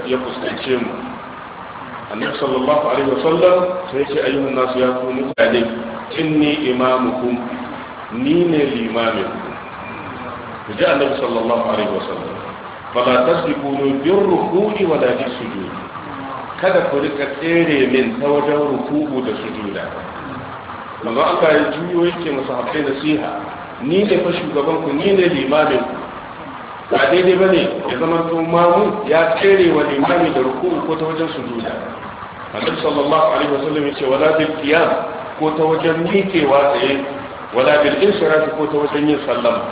Speaker 1: ya fuskace mu annabi sallallahu alaihi wasallam sai ce ayyuhan nasu ya ku mutane inni imamukum ni ne limamin ku ji annabi sallallahu alaihi wasallam fala tasbiqunu bin ruku'i wala bis sujud kada ku rika tsere min ta wajen ruku'u da sujuda manzo Allah ya juyo yake masahabbai nasiha ni ne fa shugaban ku ni ne limamin ku ba daidai ba ne ya zama mamun ya tsere wa limami da ruku ko ta wajen sujuda annabi sallallahu alaihi wasallam ya ce wala bil qiyam ko ta wajen mikewa tsaye wala bil insirati ko ta wajen yin sallama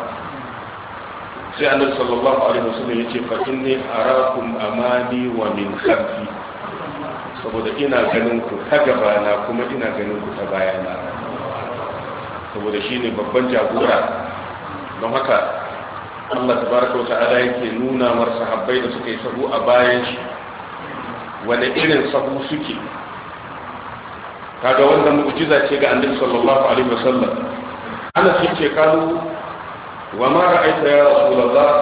Speaker 1: sai annabi sallallahu alaihi wasallam ya ce fa inni arakum amani wa min khalfi saboda ina ganin ku ta gaba na kuma ina ganin ku ta baya na. saboda shine babban jagora don haka Allah ta tabaraka wata ala yake nuna mar sahabbai da suka yi sahu a bayan shi wani irin sahu suke kaga wannan mu'jiza ce ga annabi sallallahu alaihi wasallam ana ce kalu wa ma ra'aita ya rasulullah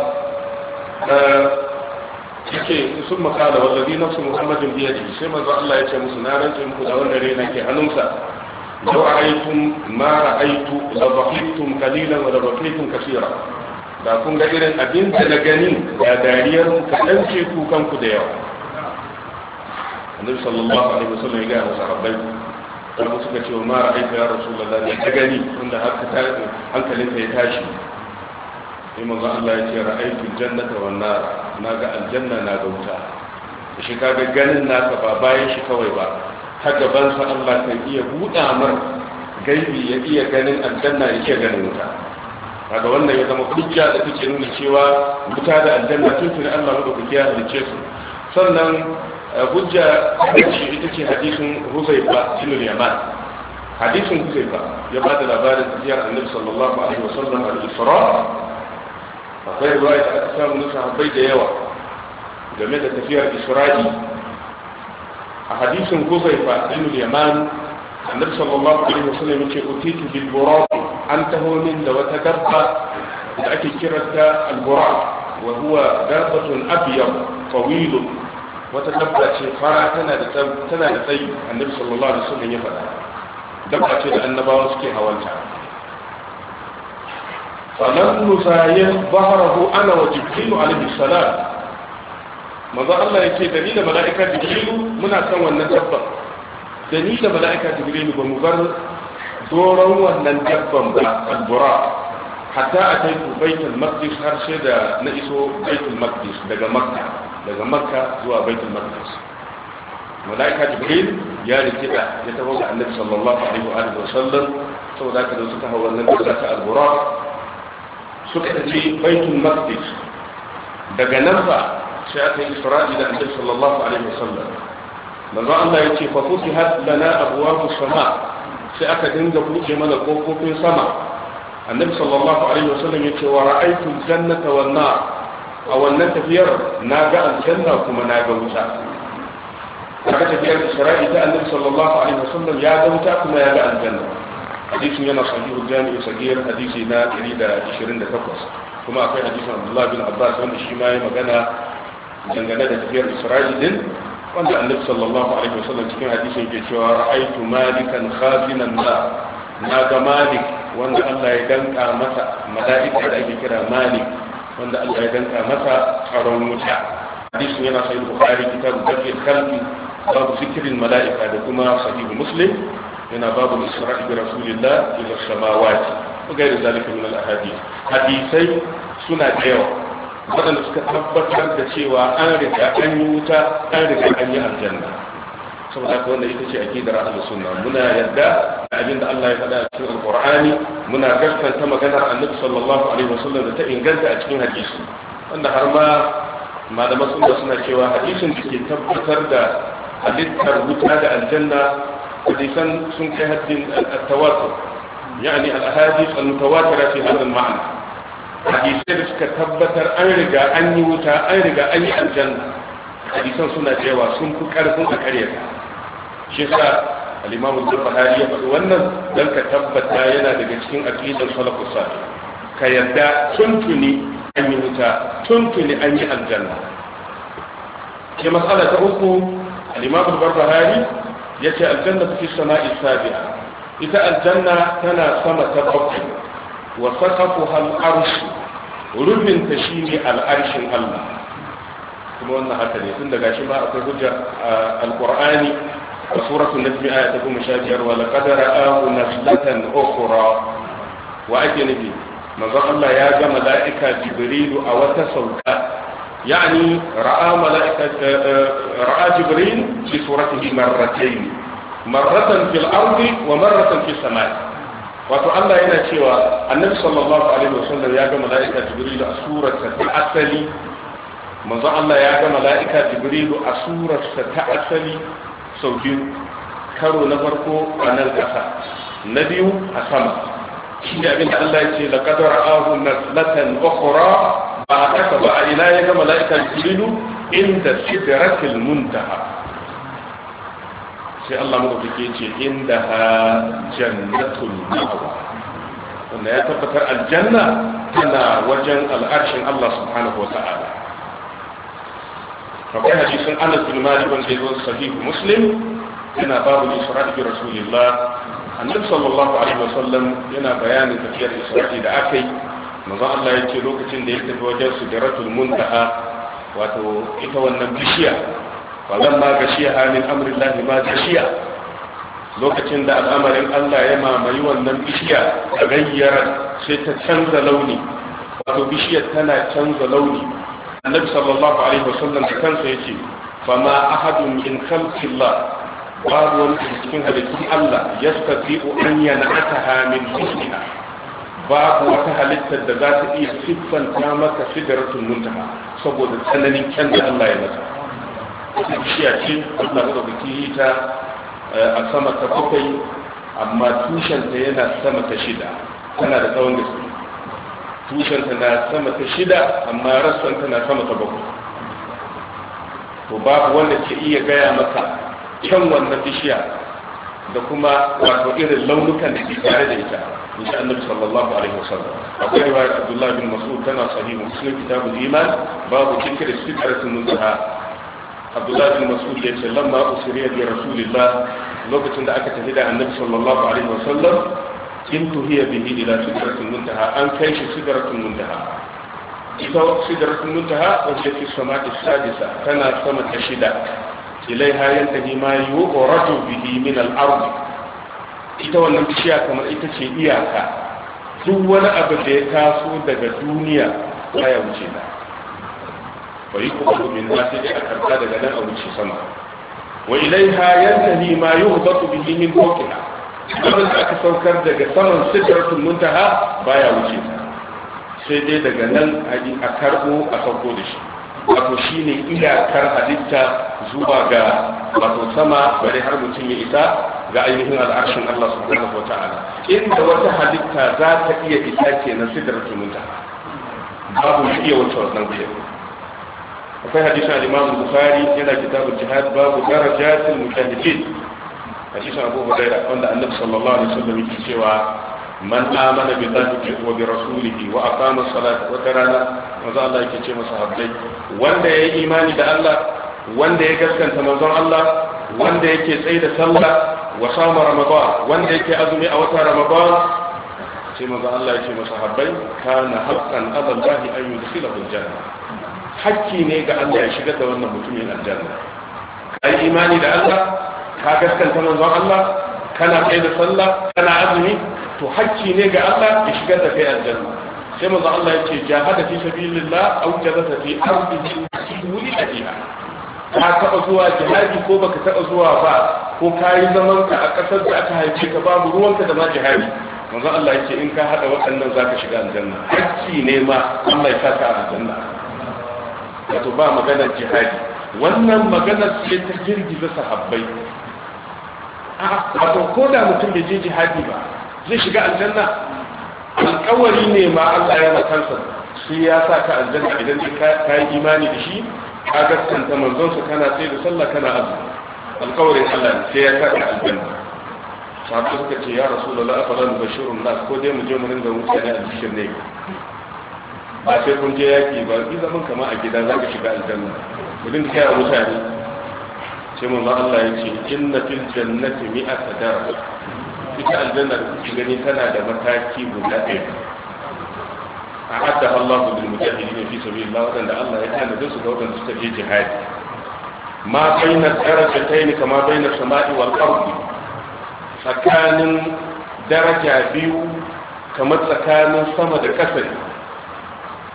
Speaker 1: yake sun makala wa zari nafsu muhammadin biyadi sai manzo Allah ya ce musu na rantsa muku da wannan rena ke hannunsa law ra'aytum ma ra'aytu la dhahitum qalilan wa la dhahitum kaseera da kun ga irin abin da na gani ya dariyar kaɗan ce kanku da yawa annabi sallallahu alaihi wasallam ya gaya sahabbai kuma suka ce ma ra'aita ya rasulullah ne ta gani wanda haka ta hankalinka ya tashi sai manzo Allah ya ce ra'aitu jannata wan nar ga aljanna na ga wuta shi kaga ganin naka ba bayan shi kawai ba har gaban sa Allah kan iya buɗa mar gaibi ya iya ganin aljanna ya ganin wuta kaga wannan ya zama hujja da take nuna cewa wuta da aljanna tuntuni Allah madaukaki ya halice su sannan eh, hujja ce ita ce hadisin Huzaifa bin Yaman hadisin Huzaifa ya ba da labarin tafiyar Annabi sallallahu alaihi wasallam al-Isra akwai ruwaya da aka samu na sahabbai da yawa game da tafiyar Isra'i a hadisin Huzaifa bin Yaman annabi sallallahu alaihi wasallam yake utitu bil buraq an taho min da wata dabba da ake kiranta al buraq wa huwa dabbatun abyad tawil wata dabba ce fara tana da tana da tsayi annabi sallallahu alaihi wasallam ya faɗa dabba ce da annabawa suke hawanta falan nusayin baharahu ana wa jibrilu alaihi salam Maza Allah yake da ni da mala'ika jibrilu muna kan wannan dabba da ni da mala'ika jibrilu ba mu bar doron wannan dabban ba albura hatta a kai ku baitul maqdis har sai da na iso baitul maqdis daga makka daga makka zuwa baitul maqdis malaika jibril ya rike da ya tawo ga annabi sallallahu alaihi wa alihi wasallam saboda ka da suka hawa nan da ta albura suka tafi baitul maqdis daga nan fa sai aka yi isra'i da annabi sallallahu alaihi wasallam manzo Allah ya ce fafuki futihat lana abwabu sama sai aka dinga buɗe mana ƙofofin sama annabi sallallahu alaihi wasallam ya ce wa ra'aytu jannata wannan. a wannan tafiyar na ga aljanna kuma na ga wuta
Speaker 2: aka tafiyar isra'i
Speaker 1: ta annabi sallallahu alaihi wasallam ya ga wuta kuma ya ga aljanna hadisin yana sahihu jami'u sagir hadisi na 128 kuma akwai hadisin Abdullahi bin Abbas wanda shi ma ya magana dangane da tafiyar Isra'il din wanda annabi sallallahu alaihi wasallam cikin hadisi ke cewa ra'aytu malikan khazinan la na ga malik wanda Allah ya danka masa mala'ika da ake kira malik wanda Allah ya danka masa tsaron wuta hadisin yana sahih bukhari kitab zakir kalbi babu zikirin mala'ika da kuma sahih muslim yana babu isra'i bi rasulillah ila samawati wa ghayr zalika min al ahadith hadisai suna da yawa waɗanda suka tabbatar da cewa an riga an yi wuta an riga an yi aljanna saboda haka wanda ita ce akidar ahlus sunna muna yarda da abin da Allah ya faɗa a cikin alqur'ani muna gaskanta maganar annabi sallallahu alaihi wasallam da ta inganta a cikin hadisi wanda har ma malaman sunna suna cewa hadisin da ke tabbatar da halittar wuta da aljanna hadisan sun kai haddin at-tawatur يعني الاحاديث المتواتره في هذا المعنى hadisai da suka tabbatar an riga an yi wuta an riga an yi aljanna hadisan suna cewa sun fi karfin a karya shi sa al-imamu zurbahari ya faɗi wannan don ka tabbata yana daga cikin aqidar salafus salih ka yarda tuntuni an yi wuta tuntuni an yi aljanna ke matsala ta uku al-imamu zurbahari ya ce aljanna fi sama'i sabi'a ita aljanna tana sama ta bakwai وسقفها الأرش ولمن تشيم الأرش الله ثم أن هذا يكون لك شماء تهجى القرآن وسورة النجم آية تكون شاجر ولقد رآه نخلة أخرى وأي نبي من الله يا ملائكة جبريل أو تسلك يعني رأى ملائكة رأى جبريل في سورته مرتين مرة في الأرض ومرة في السماء wato Allah yana cewa annabi sallallahu alaihi wasallam ya ga mala'ika jibril a surarsa ta asali manzo Allah ya ga mala'ika jibril a surarsa ta asali sau biyu karo na farko a nan kasa na biyu a sama shi ne abin da Allah ya ce laqad na latin ukhra ba haka ba ina ya ga mala'ika jibril inda sidratil muntaha sai Allah ke ce inda ha jannatul ma'wa wanda ya tabbatar aljanna tana wajen al'arshin Allah subhanahu wa ta'ala akwai hadisin Anas bin Malik wanda ya zo Muslim yana babu Isra'i bi Rasulillah annabi sallallahu alaihi wasallam yana bayanin tafiyar Isra'i da aka yi manzon Allah ya lokacin da ya tafi wajen Sidratul Muntaha wato ita wannan bishiya wannan ma gashiya halin amrin lahi ma gashiya lokacin da al'amarin Allah ya mamayi wannan bishiya a gayyara sai ta canza launi wato bishiyar tana canza launi annabi sallallahu alaihi wasallam da kansa yace fama ahadun in khalqillah babu wani cikin halittun Allah ya tafi'u an yana'ataha min bishiya babu wata halittar da za ta iya siffanta maka sigaratun muntaha saboda tsananin kyan da Allah ya masa wata bishiya ce wanda suka biki yi ta eh, a sama ta bakwai amma tushenta yana sama ta shida tana da tsawon gaske tushenta na sama ta shida amma rassanta na sama ta bakwai to babu wanda ke iya gaya maka kyan wannan bishiya da kuma wato irin launukan da ke tare da ita in sha annabi sallallahu alaihi wasallam akwai riwayat abdullah bin mas'ud tana sahih muslim kitabul iman babu dhikr sidratin muntaha abdullahi bin mas'ud ya ce lamma usriya bi rasulillah lokacin da aka tafi da annabi sallallahu alaihi wasallam in tuhiya bihi ila sidratul muntaha an kai shi sidratul muntaha ita sidratul muntaha wacce sama samai sadisa tana sama ta shida ilaiha yantahi ma yuqratu bihi min al-ard ita wannan bishiya kamar ita ce iyaka duk wani abu da ya taso daga duniya ya wuce na bari ku ku min za ta a karta daga nan a wuce sama wa ilaiha yantahi ma yuhdatu bihi min fawqiha abin da aka saukar daga saman sidratul wuce sai dai daga nan a karbo a sauko da shi wato shi ne iyakar halitta zuwa ga wato sama bare har mutum ya isa ga ainihin al'arshin Allah subhanahu ta'ala. inda wata halitta za ta iya isa ke na sidar tunuta babu shi iya wata wannan gudun akwai hadisin al-Imam yana kitabun jihad babu darajatul mujahidin hadisin Abu Hurairah wanda Annabi sallallahu alaihi wasallam yake cewa man amana bi dhalika wa bi rasulihi wa aqama as-salata wa tarana manzo Allah yake ce masahabbai wanda yayi imani da Allah wanda ya gaskanta manzon Allah wanda yake tsaye da sallah wa sama ramadan wanda yake azumi a wata ramadan ce maza Allah ya ce masahabbai kana haqqan adallahi an yudkhilahu al-janna hakki ne ga Allah ya shigar da wannan mutumin aljanna kai imani da Allah ka gaskanta manzon Allah kana kai da sallah kana azumi to hakki ne ga Allah ya shigar da kai aljanna sai manzon Allah ya ce jahada fi sabilillah aw jazata fi ardi wuli adiha ka taba zuwa jihadi ko baka taba zuwa ba ko kayi zaman ka a kasar da aka haife ka babu ruwanka da ma jihadi manzon Allah ya ce in ka hada waɗannan zaka shiga aljanna hakki ne ma Allah ya saka aljanna wato ba maganar jihadi wannan maganar ce ta girgiza sahabbai a wato ko da mutum bai je jihadi ba zai shiga aljanna alkawari ne ma Allah ya makansa shi ya sa ka aljanna idan ka yi imani da shi ka gaskanta manzonsa kana sai da sallah kana azumi alkawarin Allah ne sai ya sa ka aljanna sahabbai suka ce ya rasu da la'afarar bashirun nas ko dai mu je mu ringa mutane a cikin ne ba sai kun je yaki ba ki zaman kama a gida za ka shiga aljanna idan ka yi mutane sai mun Allah ya ce inna fil jannati mi'ata dar ita aljanna da kuke gani tana da mataki guda ɗaya
Speaker 2: a hadda Allah
Speaker 1: bil ne fi sabilillah wadanda Allah ya tana da su ga wadanda suka je jihadi ma baina darajatayn kama baina sama'i wal ardi tsakanin daraja biyu kamar tsakanin sama da ƙasa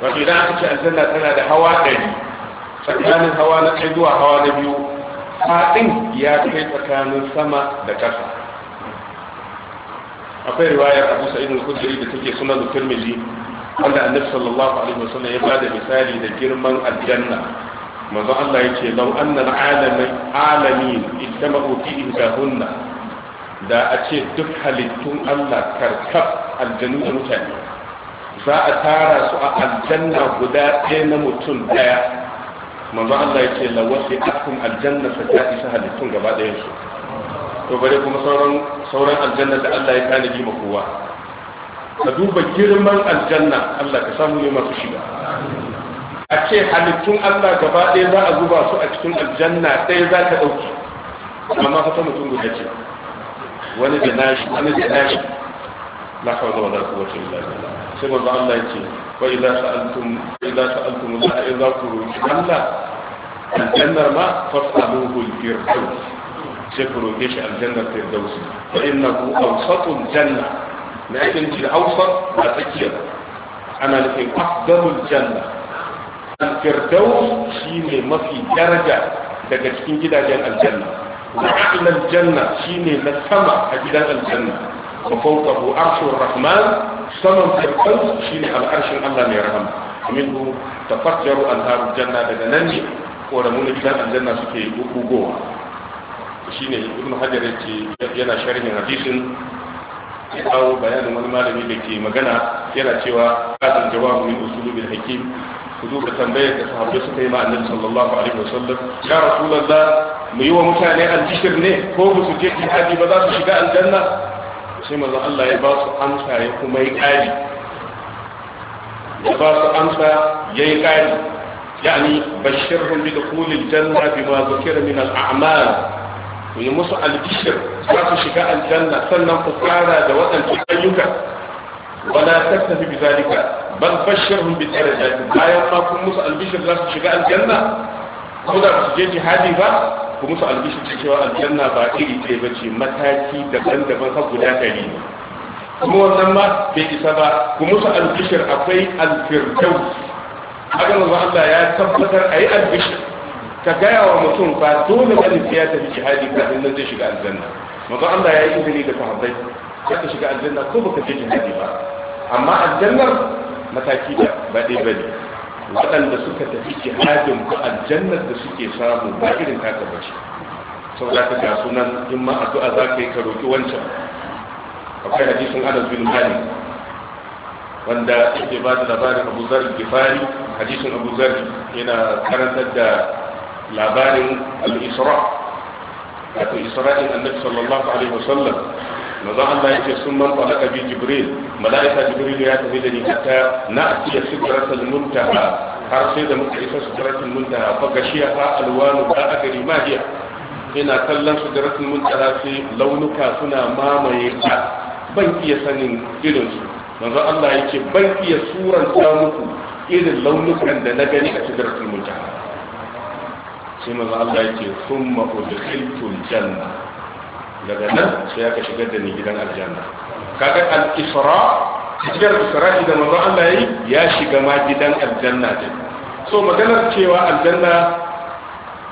Speaker 1: wato idan aka ce aljanna tana da hawa ɗari tsakanin hawa na ɗaya zuwa hawa na biyu faɗin ya kai tsakanin sama da ƙasa akwai riwayar abu sa'id kudiri da take sunan tirmidhi wanda annabi sallallahu alaihi wasallam ya bada misali da girman aljanna manzo Allah yake law anna alamin alamin ittama'u fi ihdahunna da a ce duk halittun Allah karkab aljannu mutane za a tara su a aljanna guda ɗaya na mutum ɗaya manzo Allah ya ce lawasi akum aljanna fa ta isa halittun gaba ɗayan su to bare kuma sauran sauran aljanna da Allah ya tanadi ma kowa ka duba girman aljanna Allah ka samu ne masu shiga a ce halittun Allah gaba ɗaya za a zuba su a cikin aljanna ɗaya za
Speaker 2: ka ɗauki amma
Speaker 1: fa mutum guda ce wani da nashi wani da nashi la hawla wala quwwata illa billah sai manzo Allah ya ce fa idza sa'altum idza sa'altum la idza kuru Allah aljannar ma fas'aluhu al-firdaus sai ku roke shi aljannar firdaus fa innahu awsatul janna lakin til awsat ba tsakiya ana nufin afdalul janna al-firdaus shine mafi daraja daga cikin gidajen aljanna wa a'la aljanna shine na sama a gidan aljanna wa fawqahu arshur rahman saman farkon shi ne al'arshin Allah mai rahama amin ku tafajjaru al'arun janna daga nan ne Ko da na gidan aljanna suke gugowa shi ne ibn hajar yake yana sharhin hadisin ya kawo bayanin wani malami da ke magana yana cewa kafin jawabu min usulul hakim ku duba tambayar da sahabbai suka yi ma annabi sallallahu alaihi wasallam ya rasulullah mu yi wa mutane aljishir ne ko musu je jihadi ba za su shiga aljanna sai manzon Allah ya ba su amsa ya kuma yi ƙari ya ba su amsa ya yi ƙari yani bashirhum bi dukhulil janna bima zukira min al a'mal ku yi musu albishir za su shiga aljanna sannan ku fara da waɗancan ayyuka wala taktafi bi zalika bal bashirhum bi darajat bayan ma kun musu albishir za su shiga aljanna ko su je jihadi ba ku musu albishin cewa aljanna ba iri ɗaya ba ce mataki daban-daban ka guda ɗari ne kuma wannan ma bai isa ba ku musu albishin akwai alfirdau haka manzo Allah ya tabbatar a yi albishin. ka gaya wa mutum ba dole ba ne ya tafi jihadi in nan zai shiga aljanna manzo Allah ya yi izini da sahabbai ka shiga aljanna ko baka je jihadi ba amma aljannar mataki da ba ɗaya ba ne waɗanda suka tafi jihadin ku aljannar da suke samu ba irin taka ba ce sau da ka ga sunan in ma addu'a za ka yi ka roƙi wancan akwai hadisin anas bin wanda yake ba da labarin abu zar gifari hadisin abu zar yana karantar da labarin al-isra wato isra'in annabi sallallahu alaihi wasallam manzo Allah yake sun man talaka bi jibril malaika jibril ya tafi da ni hatta na asiya sidratul muntaha har sai da muka isa sidratul muntaha fa gashiya fa alwanu da agari mahiya ina kallon sidratul muntaha sai launuka suna mamaye ta ban iya sanin irin su manzo Allah yake ban iya suran ta muku irin launukan da na gani a sidratul muntaha sai manzo Allah yake summa udkhiltul janna daga nan sai aka shigar da ni gidan aljanna kaga al-isra cikin isra'i da manzon Allah yayi ya shiga ma gidan aljanna din so maganar cewa aljanna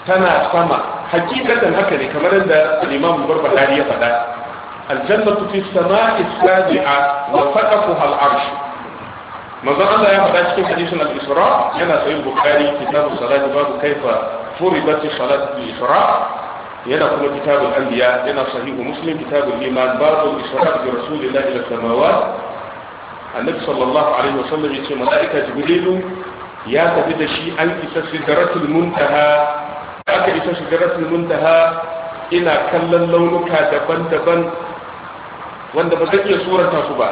Speaker 1: tana sama hakikatan haka ne kamar yadda Imam Bukhari ya faɗa aljannatu fi samai sabi'a wa saqafuha al-arsh
Speaker 2: manzon Allah ya faɗa cikin hadisin al-isra yana sahih Bukhari
Speaker 1: kitabu salati babu kaifa furidat salatu al-isra yana kuma kitabul anbiya yana sahihu muslim kitabul iman babu isra'at bi rasulillahi ila samawat annabi sallallahu alaihi wasallam yace malaika jibrilu ya tafi da shi an isa sidratul muntaha aka isa sidratul muntaha ina kallon launuka daban-daban wanda ba zan iya surata su ba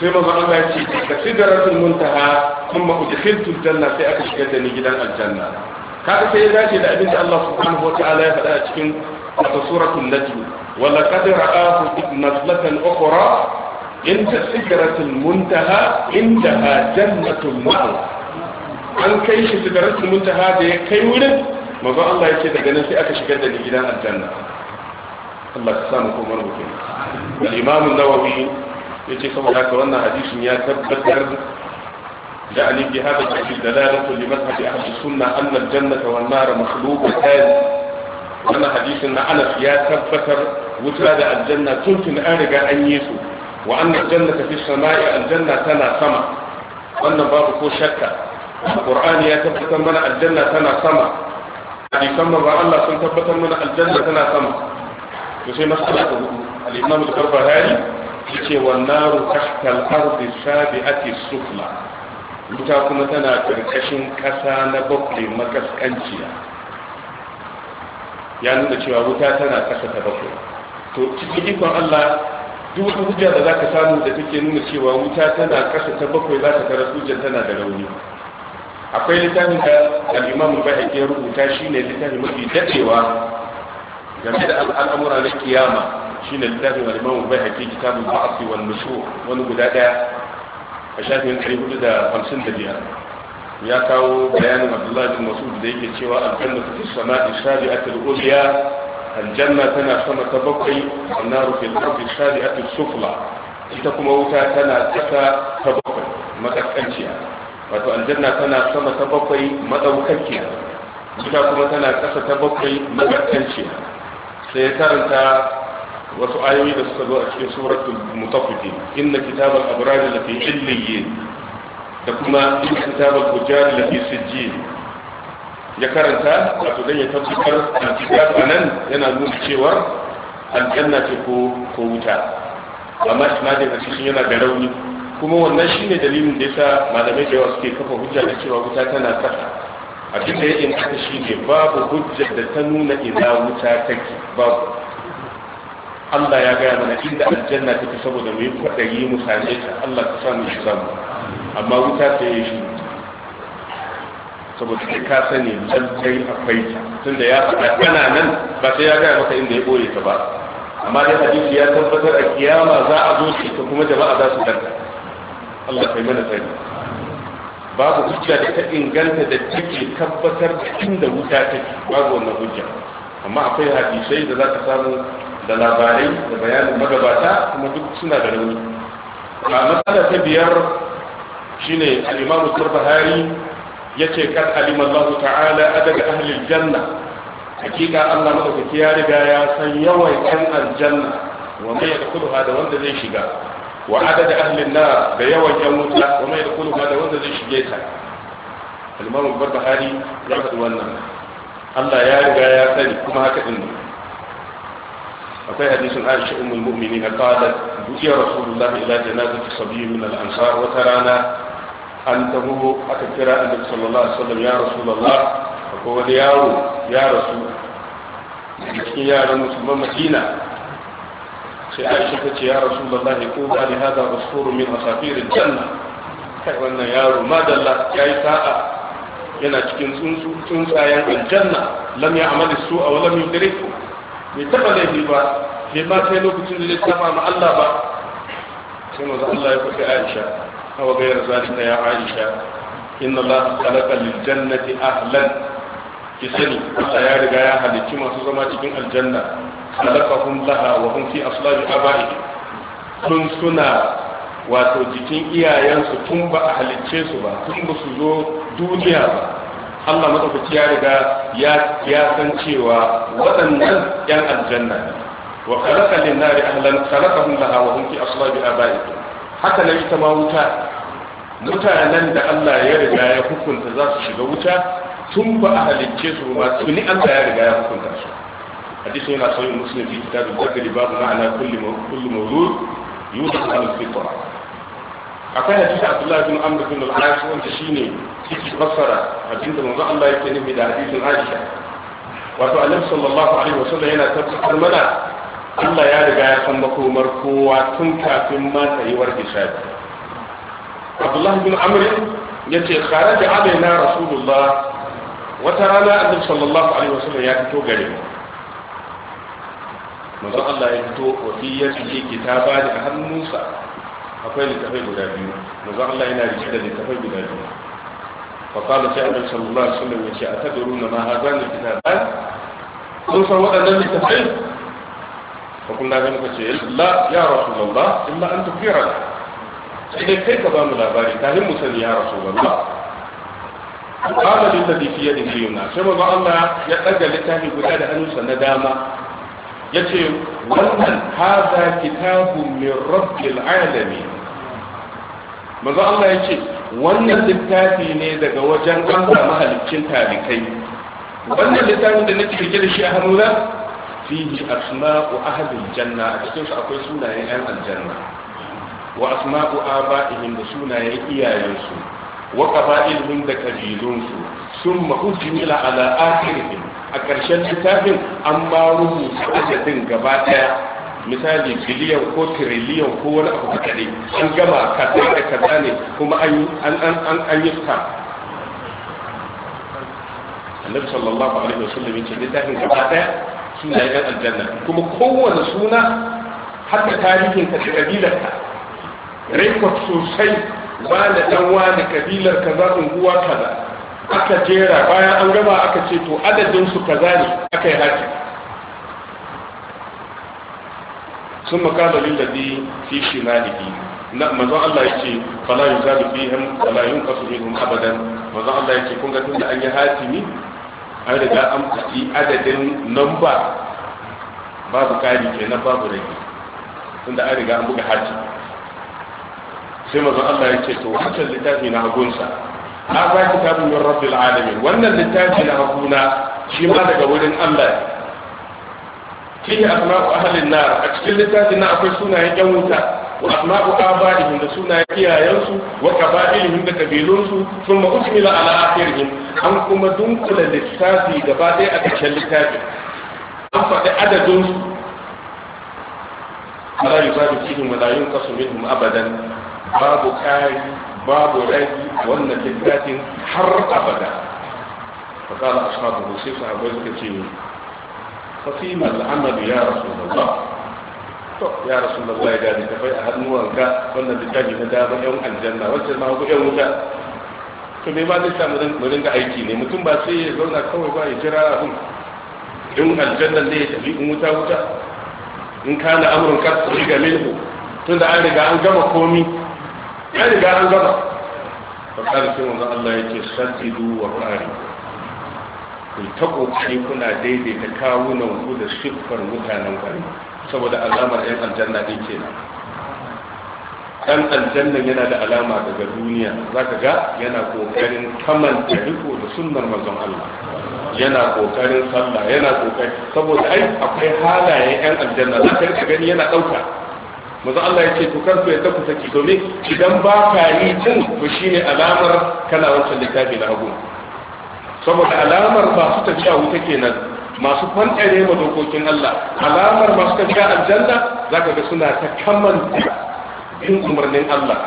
Speaker 1: sai ma Allah ya ce da sidratul muntaha kuma udkhiltu janna sai aka shigar da ni gidan aljanna kaga sai ya dace da abin da Allah subhanahu wa ta'ala ya faɗa a cikin wata suratul najm wa laqad ra'ahu naslatan ukhra inda sidratul muntaha indaha jannatul ma'wa an kai shi sidratul muntaha da ya kai wurin manzo Allah yake daga nan sai aka shigar da ni gidan aljanna Allah ya samu kuma rubuce al-imam an-nawawi yace saboda haka wannan hadisin ya tabbatar يعني في هذا الحديث دلالة لمذهب أهل السنة أن الجنة والنار مخلوق كان وأن حديث أن أنا يا تبتر وتلاد الجنة كنت أرجع أن يسو وأن الجنة في السماء الجنة تنا سما وأن باب كو شكا القرآن يا تبتر من الجنة تنا سما الذي سمى الله سن تبتر من الجنة تنا سما وفي مسألة الإمام الكربة هاي والنار تحت الأرض السابعة السفلى wuta kuma tana karkashin kasa na bakwai makaskanciya ya nuna cewa wuta tana kasa ta bakwai to cikin ikon Allah duk wata hujja da za ka samu da take nuna cewa wuta tana kasa ta bakwai za ta tara hujjar tana da rauni akwai littafin da al-Imam a ke rubuta shi ne littafin mafi dadewa game da al'amura na kiyama ne littafin al-Imam al-Baihaqi kitabul Ba'th wal Nushur wani guda daya a shafin 455 ya kawo bayanin abdullahi bin masud da yake cewa aljanna ta fi sama'i a uliya aljanna tana sama ta bakwai a annaru fil ardi a sufla ita kuma wuta tana tsaka ta bakwai matakanciya wato aljanna tana sama ta bakwai madaukakiya wuta kuma tana kasa ta bakwai matakanciya sai ya karanta wasu ayoyi da suka zo a cikin suratul mutaffifin inna kitabal abrar lafi illiyin da kuma inna kitabal fujjar lafi sijjin ya karanta a dan ya tabbatar al-kitab anan yana nuna cewa aljanna ce ko ko wuta amma imanin a shi yana da rauni kuma wannan shine dalilin da yasa malamai da yawa suke kafa hujja da cewa wuta tana kasa abin da ya inganta shine babu hujjar da ta nuna ina wuta take babu Allah ya gaya mana inda aljanna take saboda mu yi kwadari mu same ta Allah ka sa mu shi zamu amma wuta ta yi shi saboda kai ka sani lallai akwai ta tunda ya faɗa kana nan ba sai ya gaya maka inda ya ɓoye ta ba amma dai hadisi ya tabbatar a kiyama za a zo shi ta kuma jama'a za su danta Allah kai mana sani babu hujja da ta inganta da take tabbatar da inda wuta take babu wannan hujja amma akwai hadisai da za ka samu da labarai da bayanin magabata kuma duk suna da rauni a matsala ta biyar shine al-imamu ya yace kan alimallahu ta'ala adada ahalin janna hakika Allah madaukaki ya riga ya san yawan kan aljanna wa mai yadkhuluha da wanda zai shiga wa adada ahalin na da yawan yan wuta wa mai yadkhuluha da wanda zai shige ta al-imamu turbahari ya faɗi wannan Allah ya riga ya sani kuma haka din ne وفي حديث عائشة أم المؤمنين قالت بكي رسول الله إلى جنازة صبي من الأنصار وترانا أنته أتكرى النبي صلى الله عليه وسلم يا رسول الله فقول ياو يا رسول لكي يا رسول الله مدينة سي عائشة يا رسول الله قول علي هذا مسحور من أساطير الجنة وأن يا ما الله يا ساعة هنا تكن تنسى الجنة لم يعمل السوء ولم يدركه bai taba laifi ba bai ma lokacin da zai kama ma Allah ba sai maza Allah ya faɗi Aisha hawa gairar zalika ya Aisha inna Allah khalaqa lil jannati ahlan ki sani Allah ya riga ya halicci masu zama cikin aljanna khalaqahum laha wa hum fi aslabi abaihim tun suna wato jikin iyayensu tun ba a halicce su ba tun ba su zo duniya ba Allah madaukaki ya riga ya san cewa waɗannan yan aljanna ne wa khalaqa lin-nari ahlan khalaqahum laha wa hum fi aslabi abaikum haka nan ita ma wuta mutanen da Allah ya riga ya hukunta za su shiga wuta tun ba a halicce su ba tuni Allah ya riga ya hukunta su hadisi yana sauyin muslim fi kitabul bakari babu ma'ana kulli kulli mawlud yusuf al-fitra akwai hadisi Abdullahi bin Amr bin al-As wanda shine yake fassara abinda manzo Allah yake nufi da hadisin Aisha wato Annabi sallallahu alaihi wasallam yana tabbatar mana Allah ya riga ya san makomar kowa tun kafin ma tsayuwar hisabi Abdullahi bin Amr yace kharaja alaina rasulullah wata rana Annabi sallallahu alaihi wasallam ya fito gare mu manzo Allah ya fito wasiyar yake ta bani a hannunsa akwai littafai guda biyu manzon Allah yana rike da littafai guda biyu fa qala sai annabi sallallahu alaihi wasallam yace atadruna ma hazan kitaban
Speaker 2: kun san waɗannan littafai
Speaker 1: fa kun da muka ce la ya rasulullah illa an tukira sai dai kai ka ba mu labari kafin mu musan ya rasulullah qala lil ladhi fi yadihi yumna sai manzon Allah ya daga littafi guda da hannunsa na dama yace wannan haza kitabun min rabbil alamin manzo Allah yace wannan littafi ne daga wajen Allah mahalicin talikai wannan littafin da nake rike da shi a hannuna fihi asma'u ahli janna a cikin su akwai sunayen yan aljanna wa asma'u aba'ihim da sunayen iyayensu wa qaba'ilhum da kabilunsu summa ujmila ala akhirihim a ƙarshen littafin an ba rubuta adadin gaba ɗaya misali biliyan ko tiriliyan ko wani abu kaɗai an gama kasai da kaza ne kuma an yi ta annabi sallallahu alaihi wasallam yace littafin gaba ɗaya suna yan aljanna kuma kowane suna hatta tarihin ka da kabilar ka rekord sosai wani dan wani kabilar kaza unguwa kaza aka jera bayan an gama aka ce to adadin su kaza ne aka yi haji sun makala lillazi fi shi na manzon Allah ya ce yake fala yuzalu bihim kasu yunqasu minhum abadan manzon Allah ya ce kun ga tunda an yi ne an riga an faɗi adadin namba babu kari na babu rage tunda an riga an buga hatimi sai mazan Allah ya ce to wancan littafi na hagunsa هذا كتاب من رب العالمين وان اللي له هنا شي ما دغ ورين الله في اسماء اهل النار اكثر اللي تاتي اكو سنه يجوتا واسماء ابائهم لسنا كيا يوسف وقبائلهم ثم اكمل على اخرهم ان كما دنكل للتاتي دباتي اكثر اللي تاتي
Speaker 2: ان عددهم
Speaker 1: فلا يزاد فيهم ولا ينقص منهم ابدا باب كاري babu ragi wannan littafin har abada fa kala ashabu sai sahabbai suka ce fa fi mal amal ya ba to ya rasulullah ga da kai a hannuwanka wannan littafi na da yan aljanna wacce ma ku yan wuta to me ba zai samu mu ringa aiki ne mutum ba sai ya zauna kawai ba ya jira a abin in aljanna ne ya tafi in wuta wuta in kana amrun ka tsari ga minhu tunda an riga an gama komi
Speaker 2: ya riga an gama
Speaker 1: fakar sai wanzu Allah ya ce sadidu wa ƙari ku ta ƙoƙari kuna daidaita kawunan ku da siffar mutanen ƙari saboda alamar yan aljanna ɗin kenan ɗan aljanna yana da alama daga duniya za ka ga yana ƙoƙarin da riko da sunnar manzon Allah yana kokarin sallah yana kokari saboda ai akwai halayen yan aljanna za ka gani yana dauka maza Allah ya ce to kar ku yadda ku saki domin idan ba ka yi din to shine alamar kana wancan littafi na hagu saboda alamar masu tafiya wuta kenan masu kwantare ma dokokin Allah alamar masu tafiya aljanna zaka ga suna ta kamanta bin umarnin Allah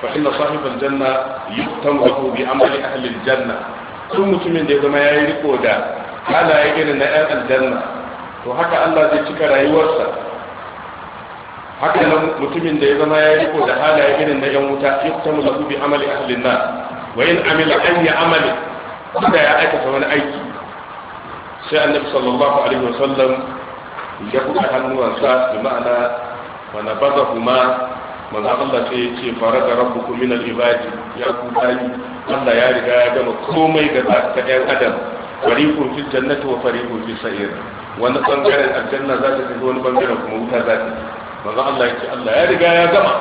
Speaker 1: fa inna sahibal janna yuktamu lahu bi amali ahli aljanna sun mutumin da ya zama ya yi riko da halaye irin na 'yan aljanna to haka Allah zai cika rayuwarsa haka nan mutumin da ya zama ya riko da halaye irin na yan wuta ya kuta mu lahu bi amali ahlin nar wa in amila an ya amali kuma ya aikata wani aiki sai annabi sallallahu alaihi wasallam ya kuka hannuwansa bi ma'ana wa nabadahuma manzo Allah sai ya ce faraga rabbukum min al-ibadi ya ku bayi Allah ya riga ya gama komai ga ta ɗan adam fariqun fil jannati wa fariqun fis sa'ir wani bangaren aljanna za ta tafi wani bangaren kuma wuta za ta tafi maza Allah ya ce Allah ya riga ya gama